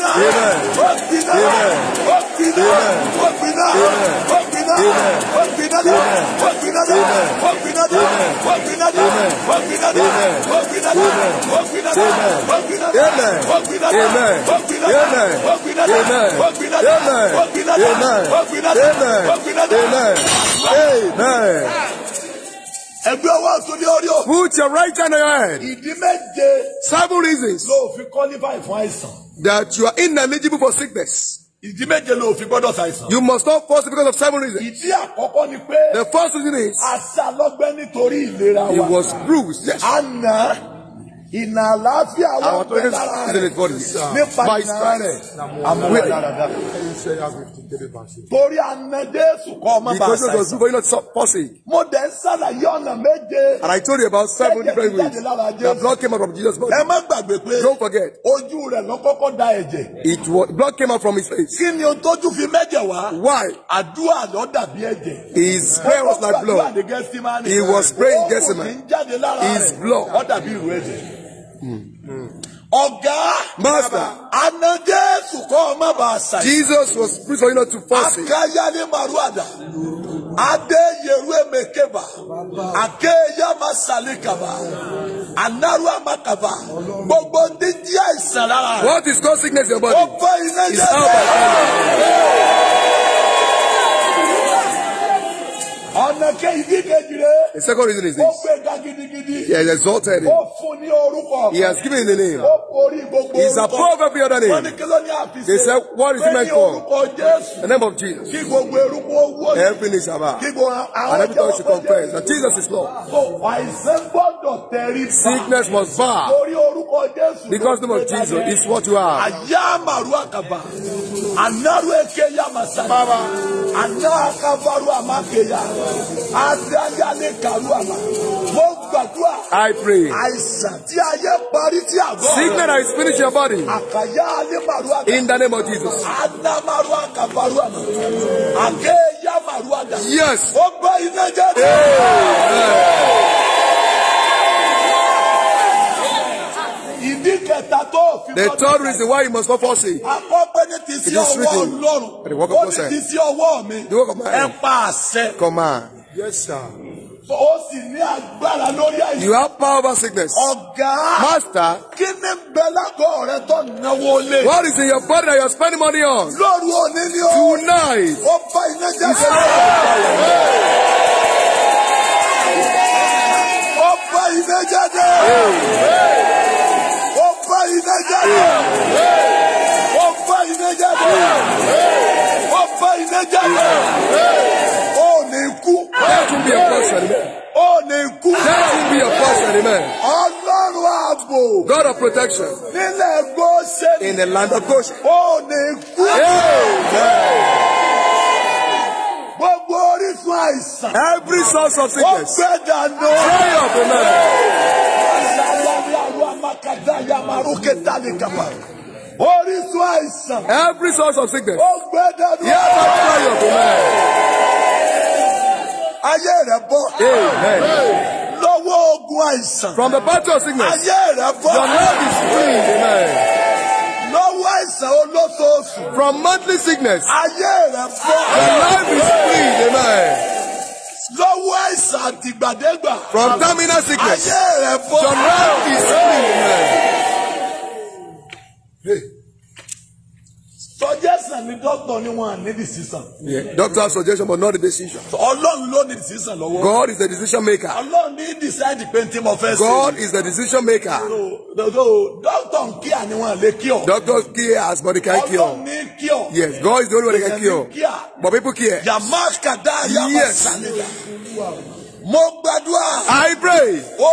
Put your right hand on your head. Seven reasons that you are ineligible for sickness. Ìdí méje ló fi gbọ́dọ̀ ṣàìsàn. You must not fall sick because of seven reasons. Ìdí àkọ́kọ́ ni pé. The first reason is. Àṣà lọ́gbẹ́ nítorí ìlera wa. He was bruised. Yes. Àná ìnà àlàáfíà wà bẹ́ẹ̀ lára rẹ̀ nípa ìnà rẹ̀ àmọ́ dáradára. torí àna Jésù kọ́ ọmọ bá a sàìsàn. mo dẹ̀ ń sàlàyé ọ̀nà méje. and I told you about seven different ways that blood came out from Jesus' body. ẹ má gbàgbé pé don't forget ojú rẹ̀ ló kọ́kọ́ da ẹ̀jẹ̀. it was blood came out from his face. kí ni o tójú fi mẹ́jẹ̀ wá. why. àdúrà lọ dàbí ẹ̀jẹ̀. his prayer was like blood. he was praying Gethsemane. his blood. ó dàbí ìrù ẹ̀jẹ̀. Ọ̀gá. Master. Àná Jésù kọ́ ọ má bàa ṣàyẹ̀. Jesus was preaching not to force it. Akáyálé Màrúàdà. Adé yerue mekeba, ake yama salikaba, anaru amakaba, gbogbo ndí díẹ̀ ìsàn lára. What is called sickness in your body? Ó fẹ́ iná jẹ́ bẹ́ẹ̀. The second reason is this. He has exalted him. He has given him the name. He is above every other name. They said, What is it meant for? The name of Jesus. Every knee shall bow. And every tongue shall confess that Jesus is Lord. Sickness must bow. Because the name of Jesus is what you are. Baba. Adájáde kàlú àlá. Mo gbàdúrà. I pray. Àìsàn tí ayé parí tí àgọ́. Sickness that is finish your body. Àkàyà Adémaru Àgà. In the name of Jesus. Adamaru Àkàbaru Àgà. Àkéyà Maru Àgà. Yes. Ó gbọ́ iná jáde. Yeah. The third reason why you must not forsake. It is written. The work of Moses. The work of my hand. Command. Yes, sir. you have power over sickness. master. what is in your body that you are spending money on. tonight. ó bá iná jẹ́ sẹ́yìn iná jáde. Mo fẹ́ iná jáde. Mo fẹ́ iná jáde. Ó ní kú. That will be a portion, amen. Ó ní kú. That will be a portion, amen. Ọlọ́run ààbò. God of protection. Nílẹ̀ Goshen. In the land of Goshen. O ní kú. Amen gbogbo orísun àìsàn. every source of sickness. ó gbẹ́dà nù. pray of a man. Every source of sickness. Oh, From the battle of sickness. Oh, your life is free. Amen. From monthly sickness. Your life is free. Amen. lọ́wọ́ àìsàn àtìgbàdégbà. from terminal sickness. ayé rẹ̀ fọ́. from life is free suggestion ni doctor ni wọn ní decision. Yeah. doctor suggestion but not the decision. ọlọ́run ló ní decision lọ́wọ́. God is the decision maker. ọlọ́run ní decide the n tí mo fẹ́ God is the decision maker. so so doctor n kíá ni wọn lè kíọ. doctor kíá as body can cure. ọlọ́run ní kíọ. yes God is the only one that can cure. but people care. yamakada yamasalida. Yes. Mo gbàdúrà. I pray. O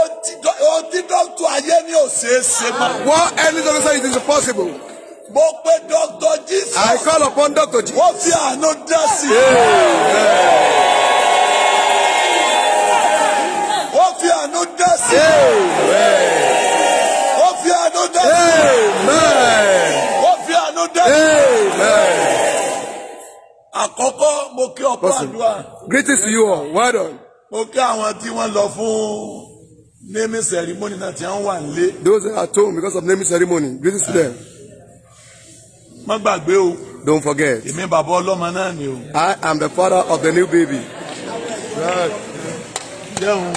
ti dọ́kítọ̀ ayé ni ò ṣeé ṣe mọ́. Wọ́n ẹni tó ń sọ it is possible mo pe Dr. Jesus. I call upon Dr. Jesus. wọ́n fi àánú dá sí i. wọ́n fi àánú dá sí i. wọ́n fi àánú dá sí i. wọ́n fi àánú dá sí i. Àkọ́kọ́ mo kí ọ̀pọ̀ àdúrà. Greetings to you all. Well done. Mo kí àwọn tí wọ́n lọ fún naming ceremony náà tí wọ́n wà nílé. Those are at home because of naming ceremony. Greetings to them má gbàgbé o. don't forget. èmi bàbá ọlọ́mọ náà ni o. I am the father of the new baby. jẹun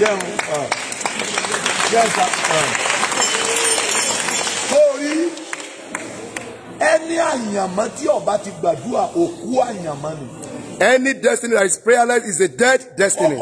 jẹun ah. jẹun ah. sórí ẹni àyànmọ́ tí ọba ti gbàdúrà òkú àyànmọ́ ni. Any destiny that is prayerless is a dead destiny.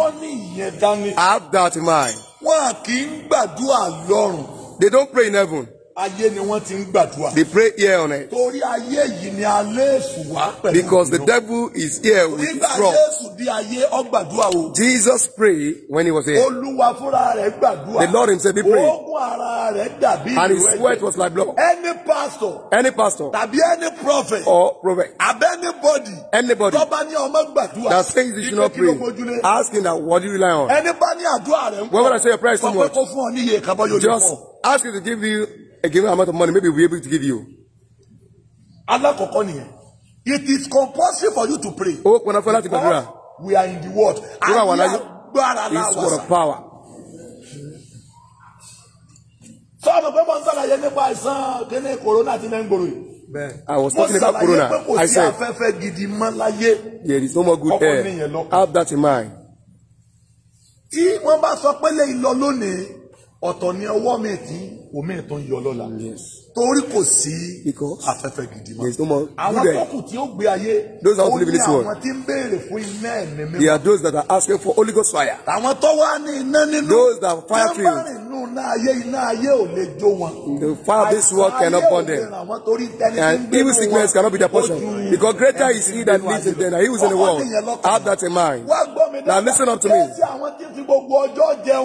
I have that in mind. Wọn kì í gbàdúrà lọ́run. They don't pray in heaven ayé ni wọ́n ti ń gbàdúrà. they pray here on earth. torí ayé yìí ni alẹ́ èṣù wá pẹ̀lú. because the devil is here with his rod. nígbà Jésù di ayé ó o. Jesus prayed when he was here. Olúwa fúnra rẹ̀ gbàdúrà. the Lord himself he prayed. oògùn ara rẹ̀ dàbí ìwé. and his sweat was like blood. any pastor. any pastor. tàbí any prophet. or prophet. àbí anybody. anybody. tó bá ọmọ gbàdúrà. that says you should not pray. ask him that what do you rely on. ẹni bá ní àdúrà rẹ̀ ń kọ́. when I say your prayer is too much. ọpẹ́ kó fún ọ ask him to give you. A given amount of money, maybe we'll be able to give you. Alákọ̀ọ́kọ́ nìyẹn. It is compulsory for you to pray. Owó pọnà fún láti gbàdúrà. We are in the world. Àyè agbára láwàsà. It's for power. Sọ́ọ̀nù pé mo ń sàlàyé nípa àìsàn kíní kòrónà tí ní ń gbòòrò I was talking about corona. I said. Mo sàlàyé There is no more good air. Have that in mind. Tí wọ́n bá sọ pé lè lọ or ọ̀tọ̀ ni ọwọ́ omi ẹ̀ tó ń yọ lọ́la torí kò sí afẹ́fẹ́ gidi mọ́ àwọn tókù tí ó gbé ayé ó ní àwọn tí ń béèrè fún iná ẹ̀mí mímọ́. they are those that are asking for Holy Ghost fire. àwọn tó wá ní iná nínú those that fire feel. tábàrì nù náà ayé iná ayé ò lè jó wọn. the fire this world cannot burn them and evil sickness cannot be their portion because greater is he that lives in them than he who is in the world have that in mind. now listen up to me.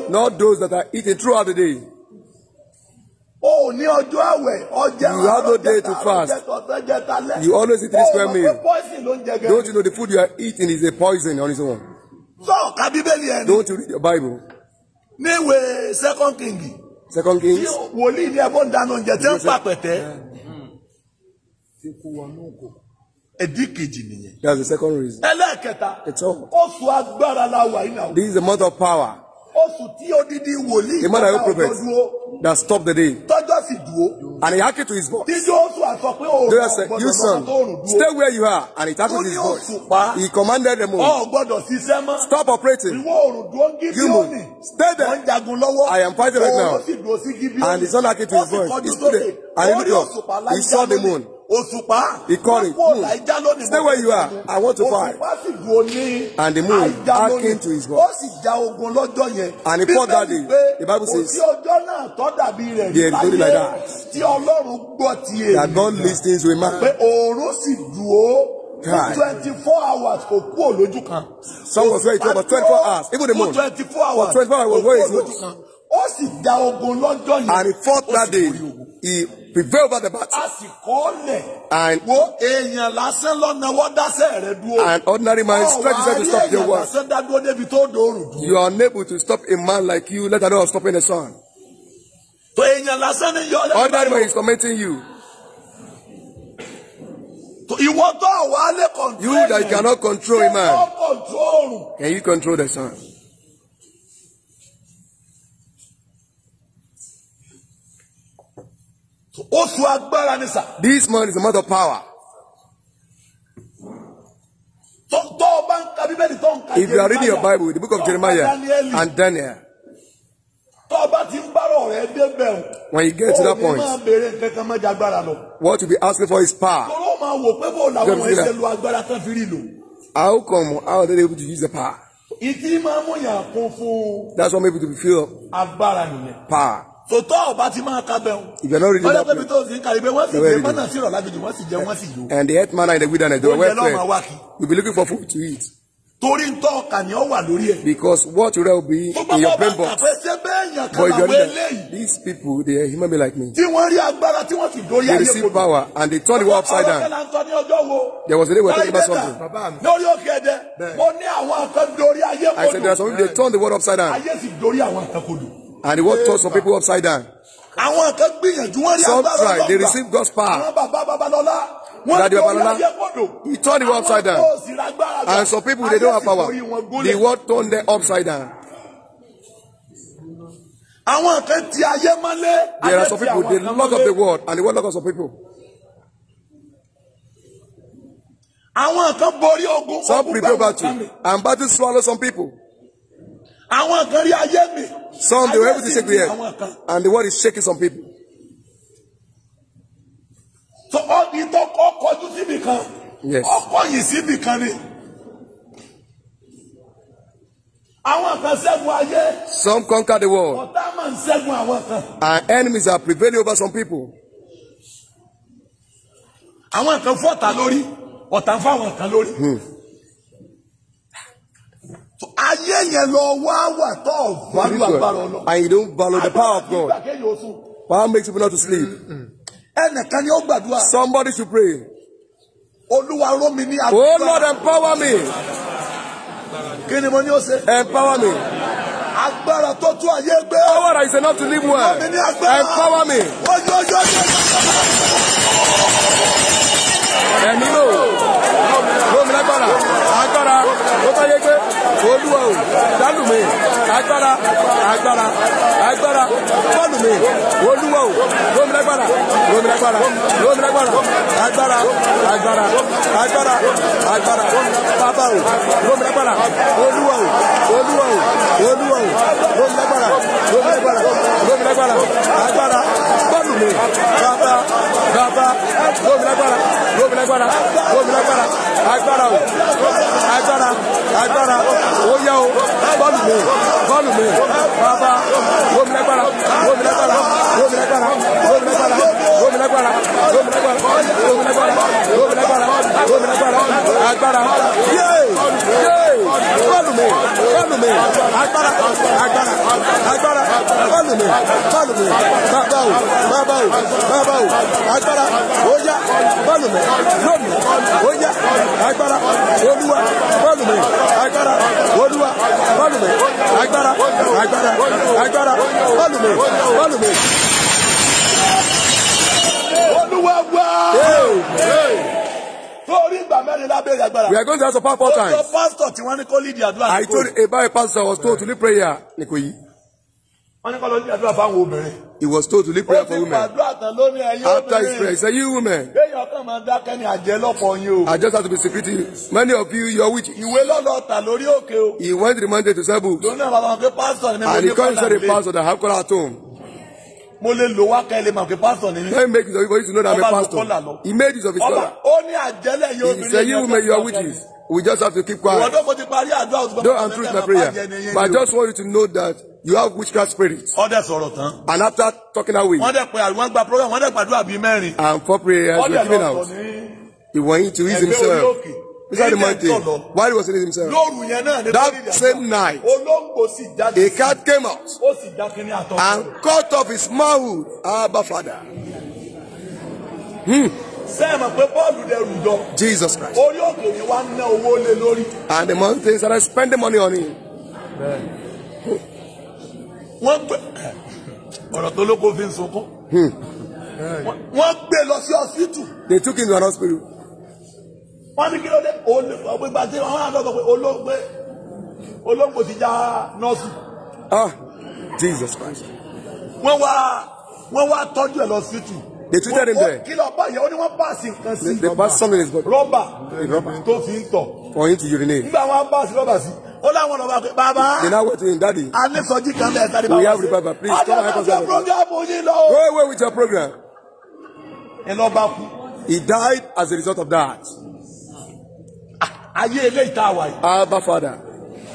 not those that are eating throughout the day. O ní ọjọ́ àwẹ̀ ọjẹ́ You have no day to fast. You always eat three square meal. Don't you know the food you are eating is a poison on its own? Sọ ka Bíbélì ẹni. Don't you read your Bible? Níwèé Second King. Second King. Tí wòlíì ní ẹbọ ń dáná oúnjẹ tẹ́ ń pàpẹ̀tẹ́. Ẹ̀dí kejì nìyẹn. That's the second reason. Ẹlẹ́ẹ̀kẹta. It's all. Oṣù agbára la wà yìí náà. This is the month of power. Oṣù tí odidi wòlíì. The month of prophet that stopped the day. And he it to his voice. Tí Jósù àsọ pé òòrùn ọ̀gbọ́dọ̀ lọ́wọ́ tó rùn dúró. Stay where you are and he hearkened to his voice. He commanded the moon. Ọ̀gbọ́dọ̀ ṣiṣẹ́ Stop operating. You òòrùn Stay there. I am fighting right now. Òòrùn sì dúró sí gíbí And the sun hearkened to his voice. He stood there and he looked up. He saw the moon. Òṣùpá. He called it. Moon. Stay where you are. I want to fight. And the moon hearkened to his voice. And he fought that day. The Bible says, there is nothing like that. That God listens to a man. Twenty-four hours kò kú òlójú kan. Some was waiting for twenty-four hours. Even the moon. 24 hours. For 24 hours. Where is it? Ó sì da ogun lọ́jọ́ yẹn. And he fought that day. He prevail over the battle. and an ordinary man is trying to stop your work. you are unable to stop a man like you let alone stopping a son. ordinary man is tormenting you. ìwọ tó you that cannot control a man. can you control the son. Oṣù agbára ni sà. This month is a month of power. Tọ́ ọba ń ka Bíbélì tó ń ka Jeremiah. If you are reading your Bible, the book of Jeremiah and Daniel. Tọ́ ọba ti ń bárọ̀ rẹ̀ débẹ̀ o. When you get to that point. Òní máa béèrè nǹkan kan máa agbára lọ. What you be asking for is power. Tọ́lọ́ máa wò pé bó làwọn ẹsẹ̀ lo agbára tán fi rí lò. How come how are they able to use the power? Ìdí máa mú yàn kún fún. That's what made people to feel. Agbára nìyẹn. Power sòtọ́ ọba ti máa ka bẹ̀rù. ìgbẹ́lẹ́ orí nígbà pé tó sì ń kàrí pé wọ́n sì jẹ mọ́nà sí ìrọ̀lágbèjì wọ́n sì jẹ wọ́n sì yó. and the earth man in the wilderness they were well fed we be looking for food to eat. torí ń tọ́ ọkà ni ó lórí ẹ̀. because what will be in your brain box. but if you know these people they are human being like me. tí wọ́n rí agbára tí wọ́n sì dórí ayé they receive power and they turn the world upside down. there was a day we were talking about something. lórí òkè ẹ̀dẹ̀ mo ní àwọn akẹ́kọ̀ọ́ dórí I said there are they turn the world upside down and the word turned some people upside down. Àwọn kan gbìyànjú wọ́n rí agbára bàbá. Some tried, they received God's power. Àwọn bàbá Babalọlá. Wọ́n ti orí ayé gbọ́dọ̀. He turned it upside down. And some people they don't have power. The word turned them upside down. Àwọn kan ti ayé mọ́lé. There are some people they lock up the word and the word lock up some people. Àwọn kan borí ogun. Some prepare battle and battle swallow some people. Àwọn kan rí ayé mi. Some they were able to shake the earth, and the world is shaking some people. So all the talk all kọjú síbi kan. Yes. Ọkọ yìí síbi kan ni. Àwọn kan ṣẹ́gun ayé. Some conquer the world. Ọ̀tá máa ń ṣẹ́gun àwọn kan. And enemies are prevailing over some people. Àwọn kan fọ́ta lórí, ọ̀tá fáwọn kan lórí. Hmm ayé yẹn lọ wá wà tó ọ̀bálù agbára ọlọ́run. and you don't value the power of God. power makes people not to sleep. Mm. ẹnìkan ni ó gbàdúrà. somebody should pray. olúwa ró mi ní oh, agbára. oh Lord empower me. kí ni mo ní o ṣe. empower me. agbára tó tún ayé gbé. power is enough to live well. empower me. ojoojúmọ́. ẹ̀mí lò lómi lágbára agbára ó bá yẹ gbé olúwa o dálùmí agbára agbára agbára bọ́ọ̀lùmí olúwa o lómi lágbára lómi lágbára lómi lágbára agbára agbára agbára agbára bàbá o lómi lágbára olúwa o olúwa o olúwa o lómi lágbára lómi lágbára lómi lágbára agbára lù mí bàbá bàbá lómi lágbára lómi lágbára lómi lágbára agbára o agbára agbára ó yá o bọ́ọ̀lù mi bọ́ọ̀lù mi bàbá wọ́n mi lágbára wọ́n mi lágbára wọ́n mi lágbára wọ́n mi lágbára wọ́n mi lágbára wọ́n mi lágbára agbára yé yé bọ́ọ̀lù mi bọ́ọ̀lù mi agbára agbára agbára bọ́ọ̀lù mi bọ́ọ̀lù mi bàbá o bàbá o bàbá o agbára ó yá bọ́ọ̀lù mi lónìí ó yá agbára olúwa bọ́ọ̀lù mi agbára olúwa bọ́ọ̀lù mi agbára agbára agbára bọ́ọ̀lù mi bọ́ọ̀lù mi. olúwa wá. Torí ìgbà mẹ́rin lábẹ́rẹ́ agbára. We are going to have to pray four times. Ó sọ pásítọ̀ tí wọ́n ní lead the advance. I told a a pastor was told to lead prayer. Nìkò He was told to leave prayer for women. After his prayer, he said, You women. I just have to be secretive. Many of you, you are witches. He went to the mountain to sell books. And he called to a pastor that have called at home mo lè lò wá kẹ́ lè máa pastor nínú. let me make it for you to know that I'm a pastor. he made use of his collar. ó ní àjẹlẹ̀ yóò bí ní ẹgbẹ́ pásítọ̀. he said you will make your witness we just have to keep quiet. ìwọ́dọ̀ mo ti parí àdúrà òtún. don't untruth my prayer but I just want you to know that you have witchcraft spirit. ọdẹ sọ̀rọ̀ tán. and after talking away. wọ́n dẹ̀ pé àwọn gba program wọ́n dẹ̀ gbàdúrà bíi mẹ́rin. and four prayers were given out. ìwọ̀nyí to ease himself. Is that the mountain while he was in it himself. that same night. a cat came out. and cut off his manhood abba father. Hmm. Jesus Christ. and the ni wàá ná owó lé the money on him. wọ́n gbé hmm. they took him to an hospital wọ́n ní kí ló dé ìgbà tí wọ́n wá pé olóògbé olóògbé ti já nọ́ọ̀sì. ah Jesus Christ. wọ́n wá wọ́n wá tọ́jú ẹ̀ lọ sí tù. they treated him there. kí ló bá yẹ ó ní wọ́n pass nǹkan sí. they pass something in his body. rọ́bà tó fi ń tọ̀. for him to urinate. nígbà wọn pass rọ́bà sí ó láwọn ọ̀nà wàá bàbá. they now wait to him daddy. a ní sọjí kan bẹ́ẹ̀ sáré bàbá. we have revival please come and help us. a program yín lọ. go away with your program. ẹ lọ bá kú. he died as a result of that ayé eléyìí tá a wà yìí. Abba Father.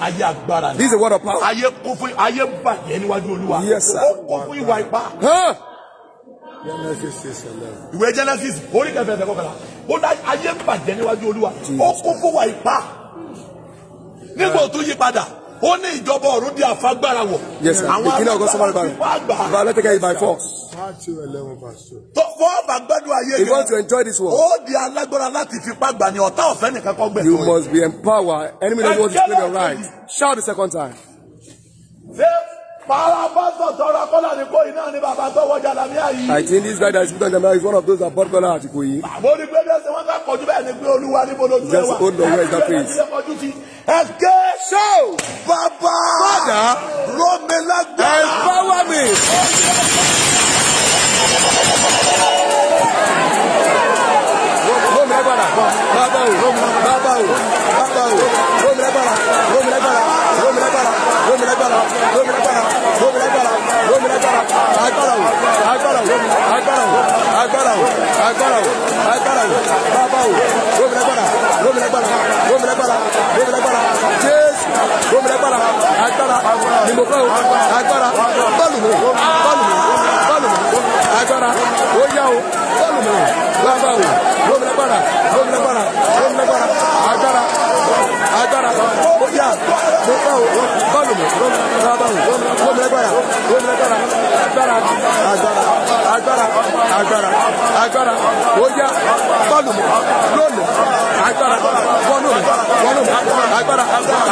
Ayé agbára ni. This is a word of power. Ayé kún fún ayé bàjẹ́ níwájú Olúwa. Yes sir. Ó kún fún ìwà ipá. Genesis six eleven. Ìwé Genesis orí kẹfẹ́ ẹ̀fẹ́ kọkànlá. Ó dá ayé bàjẹ́ níwájú Olúwa. Ó kún fún ìwà ipá. Nígbà tó yí padà ó ní ìjọba ọ̀run di àfagbára wọ̀. yes àwọn alágbára ti wá gbà. bàbá let's take it by force. tó fọ́ àgbàdo ayé yẹn. you want to enjoy this world. ó di alágbára láti fipá gbà ní ọ̀tá ọ̀fẹ́ nìkan kọ́ gbẹ̀sọ̀. you must be empowered enemy don't want to claim your right shout the second time. I think this guy that is the Jamaica is one of those that bought Kola àti Just hold on, where is that place? Ẹ̀kẹ́ ṣó bàbá Fada Romelagba Empower me. Romelagba bàbá o bàbá o bàbá o Romelagba Romelagba Romelagba Romelagba Romelagba. agbára o agbára o bàbá o lómìnira gbára lómìnira gbára lómìnira gbára lómìnira gbára jésù lómìnira gbára agbára ni mo fẹ́ o agbára bọ́ọ̀lù mi bọ́ọ̀lù mi bọ́ọ̀lù mi agbára ó yá o bọ́ọ̀lù mi bàbá o lómìnira gbára lómìnira gbára lómìnira gbára agbára agbára ó yá mo fẹ́ o bọ́ọ̀lù mi bàbá o lómìnira gbára lómìnira gbára agbára agbára agbára agbára ó yá bọ́ọ̀lù mọ́ lónìí agbára wọnú mi wọnú mi agbára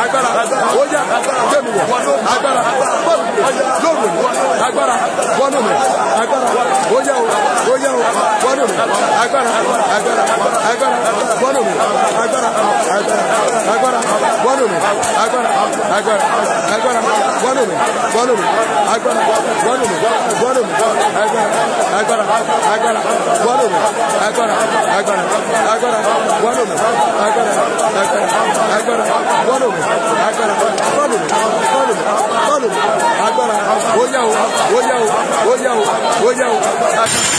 agbára ó yá gbẹ̀mí wọ̀ agbára bọ́ọ̀lù lónìí agbára wọnú mi agbára ó yá o ó yá o wọnú mi agbára agbára agbára wọnú mi agbára agbára agbára wọnú mi agbára agbára agbára wọnú mi wọnú mi agbára wọnú mi wọnú mi agbára agbára agbára agbára wọlé mi agbára agbára agbára wọlé mi agbára agbára agbára wọlé mi agbára wọlé mi wọlé mi wọlé mi agbára oyá o oyá o oyá o oyá o agbára.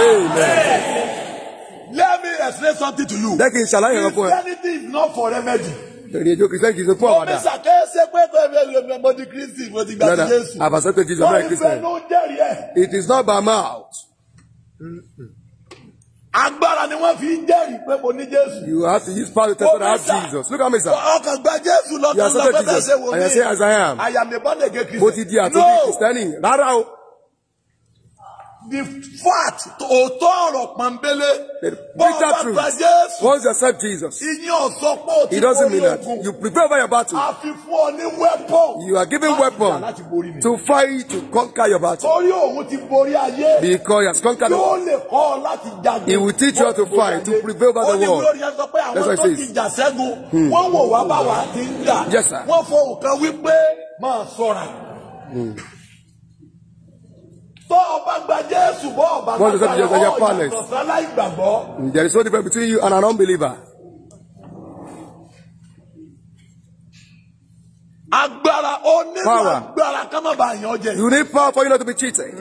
Amen. Let me explain something to you. Jẹ́ kí n is not for remedy torí ejò kristian kì ṣe fún àwàdà. mo ní sàkéyèsí pé pé mo di kristi mo ti gbà sí jésù. àbàṣẹ pé jesus náà kristian. lórí fẹnu dẹ̀rí ẹ̀. it is not by mouth. agbára ni wọ́n fi ń jẹ́rìí pé mo ní jésù. you have to use power to test whether jesus. look at me sir. ọkàn gba jésù lọ́tún lọ́pẹ́ tẹ̀sẹ̀ wò mí. you are accepted jesus and you say as I am. I am a born again Christian. mo ti di àtúndì kristiani rárá o the fact òótọ́ ọ̀rọ̀ pọ̀nbélé. the bitter truth once you accept Jesus. ìyẹn ọ̀sọ́ pé o ti borí ogun. it doesn't mean that you prepare over your battle. àfikún ọ weapon. you are giving weapon to fight to conquer your battle. torí òun ti borí ayé. because he has conquered all. yóò lè kọ́ ọ láti jagun. he will teach you how to fight to prevail over the world. ó ní olórí ẹ sọ pé àwọn tó ti jà ṣẹ́gun hmm. wọ́n wò wá báwa ti ń jà. yes sir. wọ́n fọ òkan wípé máa ṣọ́ra. Bọ́ ọba gba Jésù bọ́ ọba gba Jésù bọ́ ìyàtọ̀ láìgbàgbọ́. There is no difference between you and an unbeliever. Agbára ó nínú agbára ká má yàn jẹ. You need power for you not to be cheated.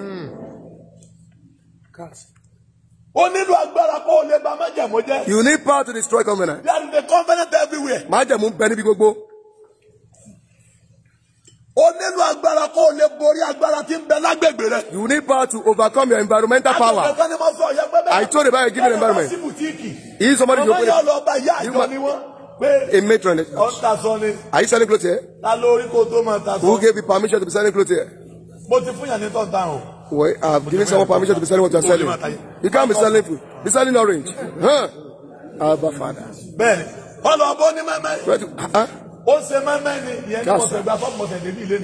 Ó nílò agbára kó o lè ba májẹ̀mú jẹ́. You need power to destroy covenant. There is a covenant everywhere. Májẹ̀mú bẹ níbi gbogbo. O nílò agbára kó o lè borí agbára tí ń bẹ lágbègbè rẹ. You need power to overcome your environmental power. Àgbẹ̀fẹ́ ni mo sọ ọ̀yẹ́ pẹ́ bẹ́ẹ̀. I told you about a given environment. Ẹ̀rọ síbùtíìkì. Yìí somebody go pay. Ọmọ yóò lọ bá yá àjọ ni wọ́n. A matron. Are you selling clothes here? Ta ló kó tó máa ta sọ? Who gave you permission to be selling clothes here? Mo ti fún yàn ní tọ́ta o. Well, I have given someone permission to be selling what you are selling. You can't be selling food. Be selling orange. Huh? Abba Father. Bẹ́ẹ̀ni, ní mẹ́mẹ́. ó ṣe mẹ́mẹ́ ni ní mọ̀tẹ̀ gba ilé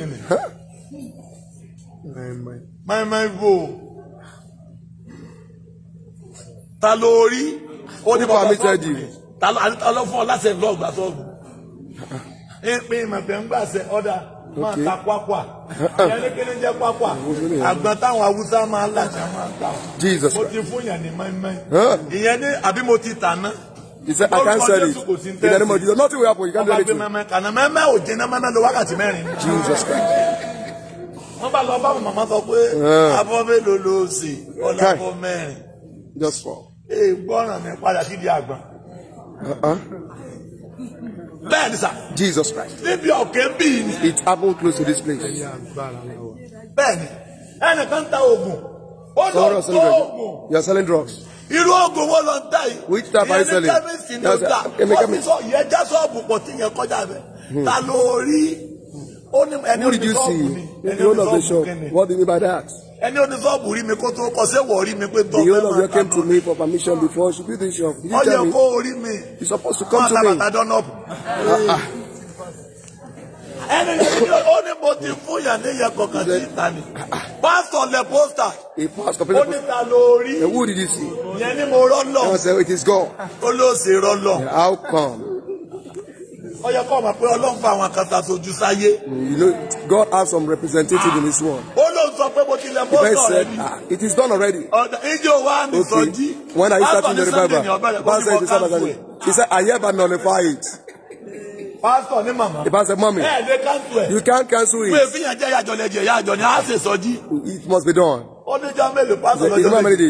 mẹ́mẹ́ ta ló rí ta ló fún ọ láti ẹ̀ lọ́ọ̀gbà sọ́ọ̀gù ìpín ìmọ̀tẹ̀ ń ọ̀dà máa ta jẹ́ àgbọn táwọn máa ń làjà máa ń ta mo ti fún yàn ní mẹ́mẹ́ ìyẹn ní àbí mo ti tà náà. He said, I can't sell it. In the name of Jesus, nothing will happen. You can't do anything. Jesus Christ. wọ́n lọ bá wọn sọ pé ah. abọ́ mélòó ló sì ọlọ́bọ mẹ́rin. just for. ee gbọ́ràn mi padà sí di àgbọn. Uh-huh. bẹ́ẹ̀ ni sà. Jesus Christ. níbi ọ̀kẹ́ bíi ni. it happened close to this place. bẹ́ẹ̀ ẹnìkan ta oògùn ó lọ tó oògùn. you are selling drugs irú oògùn wo ló ń tà yìí. which type are you selling? ìyẹn ní kẹ́míìsì ló ń tà ọ́fíìsì já sọ́ọ̀bù pọ̀ tí yẹn kọjá bẹ́ẹ̀ hmm. ta ló rí ẹni onísọ́ọ̀bù ni ẹni onísọ́ọ̀bù kẹ́ni. what did you mean by that? ẹni onísọ́ọ̀bù rí mi kó tó kọ sẹ́wọ̀ rí mi pé tọ́ fẹ́ máa ta náà. the owner came to me for permission before she build this shop. ọyẹ kó o rí mi. you suppose to come to me. máa ta bàtà ẹni ó ní mo ti fún yàn ní yẹ kankan sí ìta ni pásítọ̀ lẹ pósítà ó ní ta ló rí yẹn ni mo rọ́lọ̀ olóòsè rọ́lọ̀. how come. ó yẹ kó mọ̀ pé ọlọ́run fa àwọn kan ṣàṣojú sáyé. you know God has some representative in this ah. world. ó ló sọ pé mo ti lẹ pósítọ̀ rẹ ni. Ah, it is done already. ọ̀dà ìjọ wa ní sọjí. when are you starting the revival? pastor ní sunday ní ọ̀bẹ̀rẹ̀ ó ní mo cancel it. he said I hereby nullify it pastor ní mama. the pastor mummy. ẹ eh, lè cancel it. you can't cancel it. pé fíyàn jẹ́ yàjọ lẹ́jẹ̀ yàjọ ni a ṣe sọjí. it must be done. ó ní jọ mélòó pastor lọ́jọ́ méjì.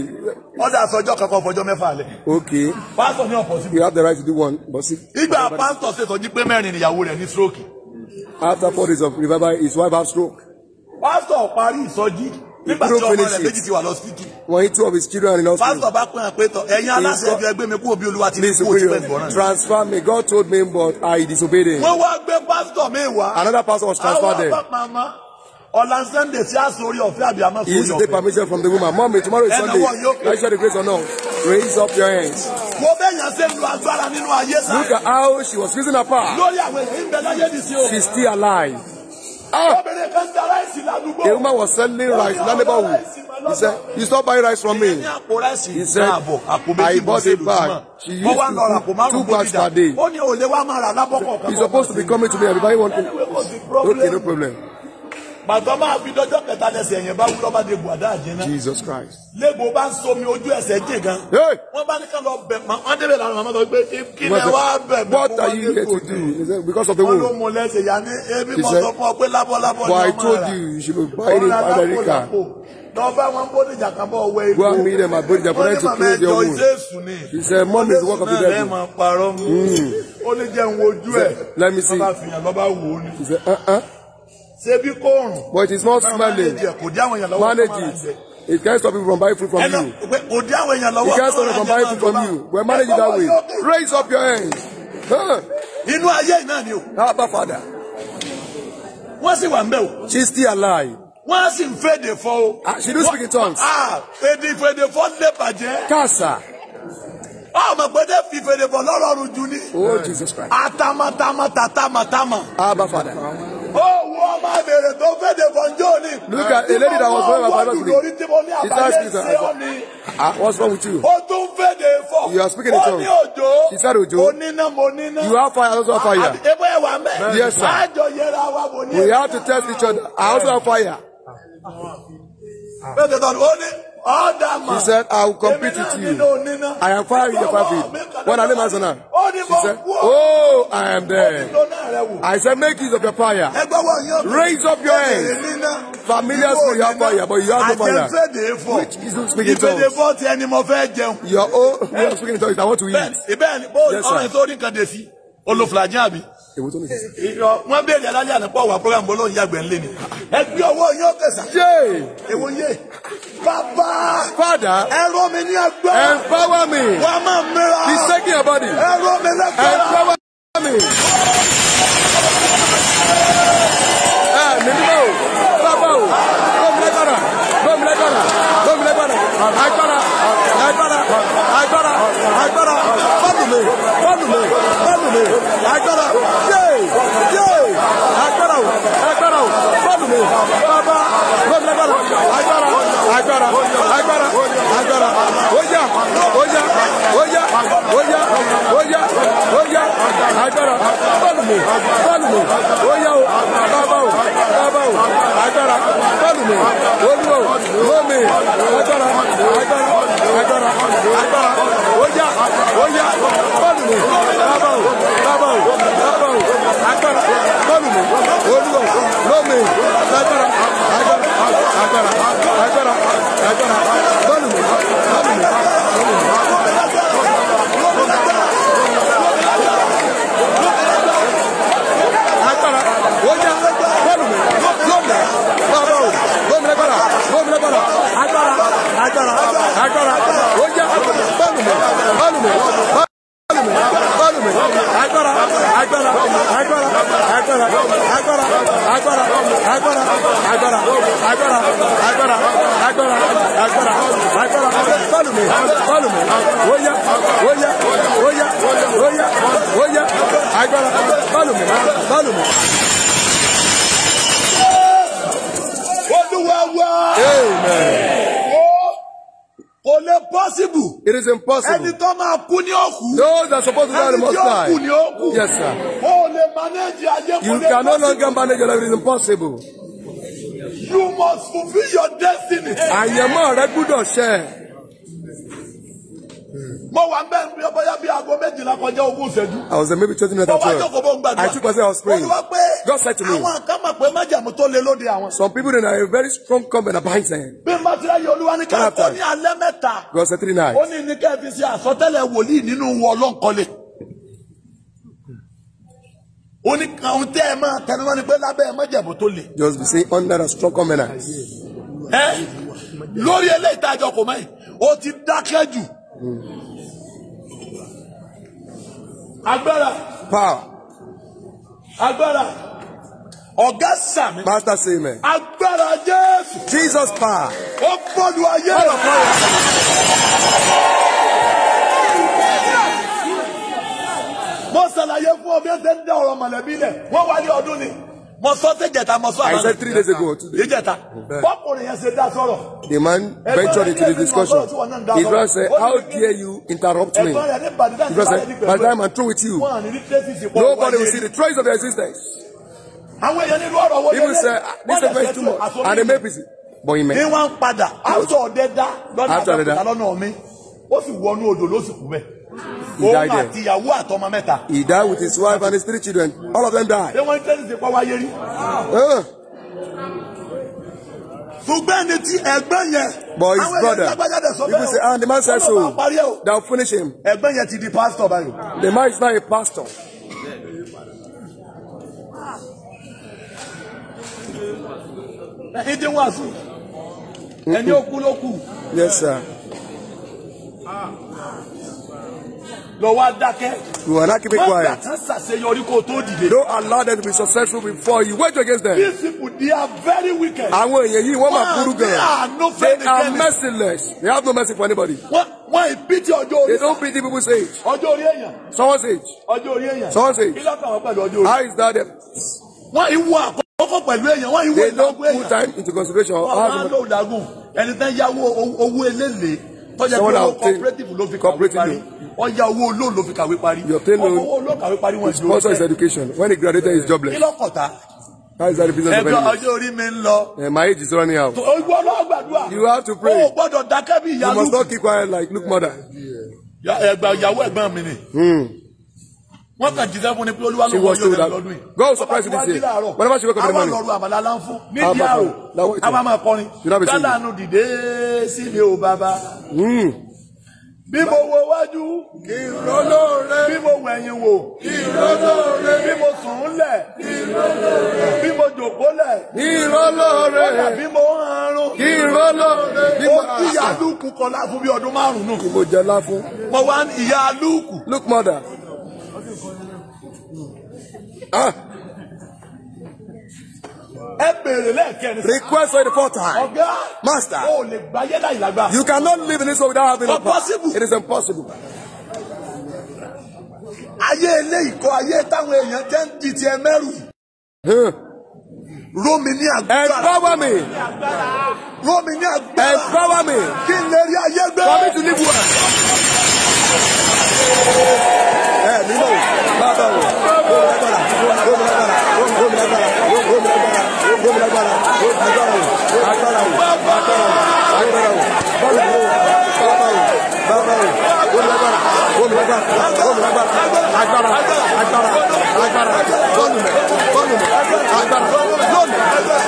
ó dà sọjọ́ kankan fọjọ́ mẹ́fà lẹ̀. okay. pastor ní ọ̀pọ̀ you have the right to do one but see. ìgbà pastor ṣe sọjí pé mẹ́rin ìyàwó rẹ̀ ní stroke. after four days of revival his wife have stroke. pastor parí ìsọjí nígbà tí ọmọ rẹ̀ méjì ti wà lọ́sípítù. wọ́n yín two of his children in hospital. pásítọ̀ bá pín àpétọ̀ ẹ̀yin aláṣẹ ibi ẹgbẹ́ mi kú òbí olúwa ti ní kú òtí pẹ̀lú ọ̀ràn. transfer me God told me but I disobeyed him. wọ́n wá gbé pásítọ̀ mi wá. another pastor was transferred there. àwọn àpapọ̀ àmọ́ ọ̀la Sunday tí a ọ̀fẹ́ àbí àmọ́ fún yọ̀fẹ́. he is the permission from the woman mommy tomorrow is Sunday let's share the grace or not raise up your hands. wo bẹ́yàn ṣe ń agbára nínú ayé sáà. look at how she was using her power. lórí àwọn èyí ń bẹ still alive. Ah! Iruma was selling rice Lálébáwò. He said, "You stop buying rice from me. He said, I bought a bag. She used to two bags per day. He's supposed to be coming to me. Everybody want to. Okay, no problem. Bàtọ́ máa fi dọ́jọ́ kẹta lẹ́sẹ̀ yẹn bá wúlọ́ bá de Bùhádá àjẹná. Jesus Christ. Lébo bá ń somi ojú ẹsẹ̀ jìn gan. Wọ́n bá ní ká lọ bẹ̀ mọ́, wọ́n débẹ̀ lára màmá pé kí lẹ wá bẹ̀ mọ́ wọ́n dé kò dé. Because of the wound. Wọ́n ló mú lẹ́sẹ̀ yá ní ebi mọ̀ fún ọ pé lábọ́lábọ́ ni wọ́n máa rà. But I told you you should be buying in America. Lọ́ba wọn Bódìjà kan bọ̀ wẹ ibú. Go and meet them at Bódìjà for them to close their wound. He said, Mom is the work of sùn náà lẹ́ẹ̀mọ̀ parọ́. Ó ní jẹun ojú ẹ̀. Let me see. Lọ́ba fìyàn lọ́ba wò ó ní ṣé bí rùn. but it is not smelling. kò manage it. It can't stop people from buying food from you. It can't stop you from buying food from you. We We're managing that way. Raise up your hands. Inú ayé náà ni o. Abba Father. Wọ́n sì wà ń bẹ̀ o. She's still alive. Wọ́n sì ń fèdè fọ́ o. Ah, she do speak in tongues. Ah, fèdè fèdè fọ́ lè bàjẹ́. Kàṣà. Ọmọ gbẹdẹ fi fèdè fọ́ lọ́rọ̀ọ̀rùn jù ni. Oh Jesus Christ. Atamatama tamatama. Abba Father. Oh, woman, the prophet Evangelist. Look at the lady that was wearing a Bible today. It asked me, ah, what's wrong with you? You are speaking in tongues. She said, Ojo, you have fire, I also have ah, fire. Ah, yes, sir. We have to test each other. I also have fire. He said, I will compete with you. I am fire in your feet. What are the Masana? She said, Oh, I am there. I said, Make use of your fire. Raise up your hand. Familiars for your fire, but you have no fire. Which isn't speaking tongues. Your own way of speaking tongues. I want to eat. Yes, sir èwo tó ní sísè. wọ́n béèrè alálẹ́ àná pọ̀ wá program bọ́lọ́ ní yàgbẹ́ ńlẹ́ ni. ẹ gbé yóò tẹ̀sà. yé èwo yé. bàbá. fada. ẹ̀rọ mi ní agbọ́. empower me. wàá máa mẹ́ra. he's taking your body. ẹ̀rọ mi lẹ́gbẹ̀rẹ́. empower me. ẹ mímú o bàbá o lọ́mìlẹ́gbàrà lọ́mìlẹ́gbàrà lọ́mìlẹ́gbàrà àgbàrà. mi agbára yéé yéé agbára o agbára o bọ́ọ̀lù mi bàbá bọ́ọ̀lù agbára agbára agbára agbára agbára ó yá ó yá ó yá ó yá ó yá ó yá agbára bọ́ọ̀lù mi bọ́ọ̀lù mi ó yá o bàbá o bàbá o agbára bọ́ọ̀lù mi olúwa o ló mi agbára agbára agbára agbára ó yá ó yá bọ́ọ̀lù mi bàbá o bàbá o bàbá o agbára bọ́ọ̀lù mi olúwa o ló mi agbára agbára agbára agbára agbára bọ́ọ̀lù mi. agbára ó yá bọ́ọ̀lù mi bọ́ọ̀lù mi bọ́ọ̀lù mi bọ́ọ̀lù mi agbára agbára agbára agbára agbára agbára agbára agbára agbára agbára agbára agbára agbára bọ́ọ̀lù mi bọ́ọ̀lù mi ó yá ó yá ó yá ó yá ó yá agbára bọ́ọ̀lù mi bọ́ọ̀lù mi. Olúwa wá. Amen. Kò lè possible. It is impossible. Ẹni tó máa kú ní òkú. Those that are supposed to die must die. Ẹni tí ó kú ní òkú. Yes sir. O lè manage ayé kò lè possible. You can no longer manage your It is impossible. You must fulfil your destiny. Àyẹ̀mọ́ rẹ gbúdọ̀ ṣẹ. I was there maybe twenty minutes after I took myself I was praying. God said to me. Some people dey na a very strong covenant behind them. bí God said three nights. ó ní ní kẹ́ẹ̀fì sí àsọtẹ́lẹ̀ wòlíì nínú wọn ọlọ́nkọ́lé. ó ní ohun tẹ́ ẹ máa tẹnu wọn ni pé lábẹ́ májàmú tó le. Just be saying under a strong covenant. ẹ lórí eléyìí tá a jọ kò mẹ́yìn ó ti dákẹ́ jù. Hmm agbára. power. agbára. ọ̀gá sàmì. pastor say amen. agbára jésù. jesus power. ó bọ́lu ayé. all of us. mo ṣàlàyé fún ọ bí ẹ ṣe ń dá ọ̀rọ̀ mọ̀lẹ́bí lẹ̀ wọ́n wá ní ọdún ni mo sọ sí jẹta mo sọ àná. I said three days ago or two days. bọ́kùnrin yẹn ṣe dá sọ̀rọ̀. the man ventured into the discussion. He brother said how dare you interrupt me. He brother said by the time through with you nobody will see the trace of your existence. àwọn èèyàn nínú ọ̀rọ̀ wo even say ah, this is very too much and they make busy. bọ́ ìmẹ̀. ní wọ́n ń padà after ọ̀dẹ́dá lọ́nà àtàkùn lọ́nà mi ó sì wọnú odò ló sì kú bẹ́ẹ̀. He died there. He died with his wife and his three children. All of them died. Ṣé wọ́n ń tẹ́lẹ̀ sí pọ́wá yẹrí? ṣùgbọ́n ẹni tí ẹgbẹ́ yẹn. but his brother people say and ah, the man said so they'll finish him. ẹgbẹ́ yẹn ti di pastor the man is not a pastor. ẹni tí wàá sùn ẹni mm-hmm. ó yes sir you are not keeping quiet. don't allow them to be successful before you wage against them. these people they are very wicked. àwọn èèyàn yìí wọ́n máa burú gan. they are they are merciless. they have no mercy for anybody. wọ́n wọ́n ìbítí ọjọ́ orí. they don't pity people's age. ọjọ́ orí èèyàn. someone's age. ọjọ́ orí èèyàn. someone's age. kí ló kàn wọ́n pẹ̀lú ọjọ́ orí. how is that them. wọ́n ìwọ àkọ́kọ́ pẹ̀lú èèyàn wọ́n ìwọ ìdágún èèyàn. they don't put time into consideration. wọ́n máa ń lo ìdágún ẹni tán yáwó owó eléle tọ́jà pé owó cooperative ló fi kàwé parí ọjà owó olóòlò ló fi kàwé parí owó olóòlò kàwé parí wọn ìlú sponsor his education when he graduated he is jobless. kí ló kọ̀ta. How is that the business of any man? Ẹjọ́ ọjọ́ orí mi ń lọ. Ẹ máa yé jìsọ́ anyhow. Ìwọ náà gbàdúrà. You have to pray. O gbọ́dọ̀ dákẹ́ bí ìyá Luke. You must not keep quiet like Luke mother. Ẹgbà ìyàwó ẹ̀gbọ́n mi ni. Hmm wọ́n kàn jíṣẹ́ ni pé olúwa ló wọ yóò dàbí lọ́dún yìí. God will surprise you this year. whenever she wake up in àwọn lọ́rùn àmàlà láǹfún ní díàrò àwọn máa kọrin kálánù dìde sí mi ò bàbá. Hmm. bí mo wo wájú. ìrònú rẹ. bí mo wẹ̀yìn wò. ìrònú rẹ. bí mo sùn lẹ̀. ìrònú rẹ. bí mo jòkó lẹ̀. ìrònú rẹ. kódà bí bí mo àṣà. ó ti ìyá Ah. request for the fourth time. master. you cannot live in this world without having a plan. it is impossible. ayé eléyìí kọ ayé táwọn èèyàn jẹ́ ń di ti ẹ mẹ́rù. Hmm. ní agbára. Empower me. Rómi ní agbára. Empower me. Kí n lè rí ayé gbé. For me to live well. Ẹ eh, nínú bàbá wo, agbára agbára agbára bọ́ọ̀lù mẹ́ bọ́ọ̀lù mẹ́ agbára lónìí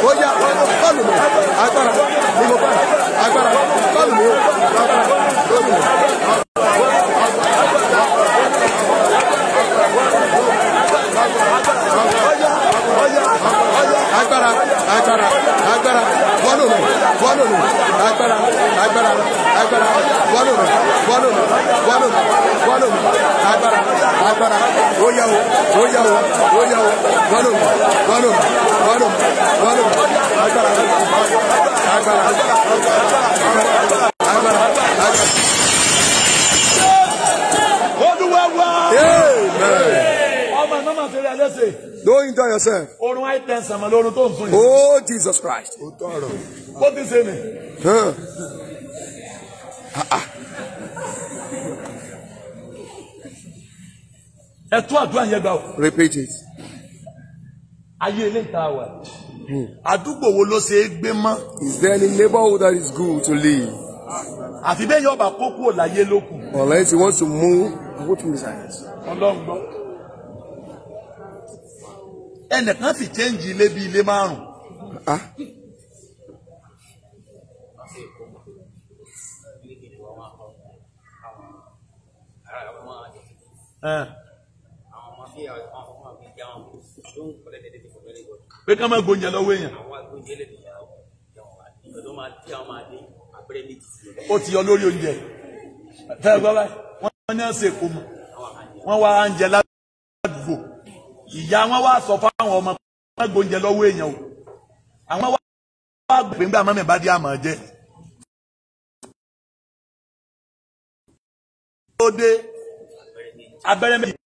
ó yá bọ́ọ̀lù mẹ́ agbára ní mo bá agbára bọ́ọ̀lù mẹ́ agbára lónìí mẹ́. agbára agbára agbára bọ́ọ̀lù mẹ́ bọ́ọ̀lù mẹ́ agbára agbára agbára wọnú mi wọnú mi wọnú mi wọnú mi agbára agbára ó yá o ó yá o ó yá o wọnú mi wọnú mi wọnú mi wọnú mi agbára agbára agbára agbára agbára. don't injure yourself. oh Jesus Christ. What is bó ti Huh? ni. ẹ tún àdúrà yẹn gbà o. repeat it. ayé ilé ìta wà. Hmm. àdúgbò wo ló ṣe é gbé mọ́. is there any neighborhood that is good to live. àfi bẹ́ẹ̀ yọba kókó láyé lókun. unless you want to move go to his eyes. ọlọ́run gbọ́ ẹnìkan sì chẹ́ǹjì ilé bíi ilé márùn. Ah. pé ká má gbóúnjẹ lọ́wọ́ èèyàn. ó ti yọ lórí oúnjẹ wọ́n ní ọ̀sẹ̀ kò mọ̀ wọ́n wá oúnjẹ lábẹ́. ìyá wọn wá sọ fáwọn ọmọ wọn oúnjẹ lọwọ èèyàn o àwọn wá gbé ńgbà mọ́mí bá dé àmọ́ jẹ́. ó dé abẹ́rẹ́ méjì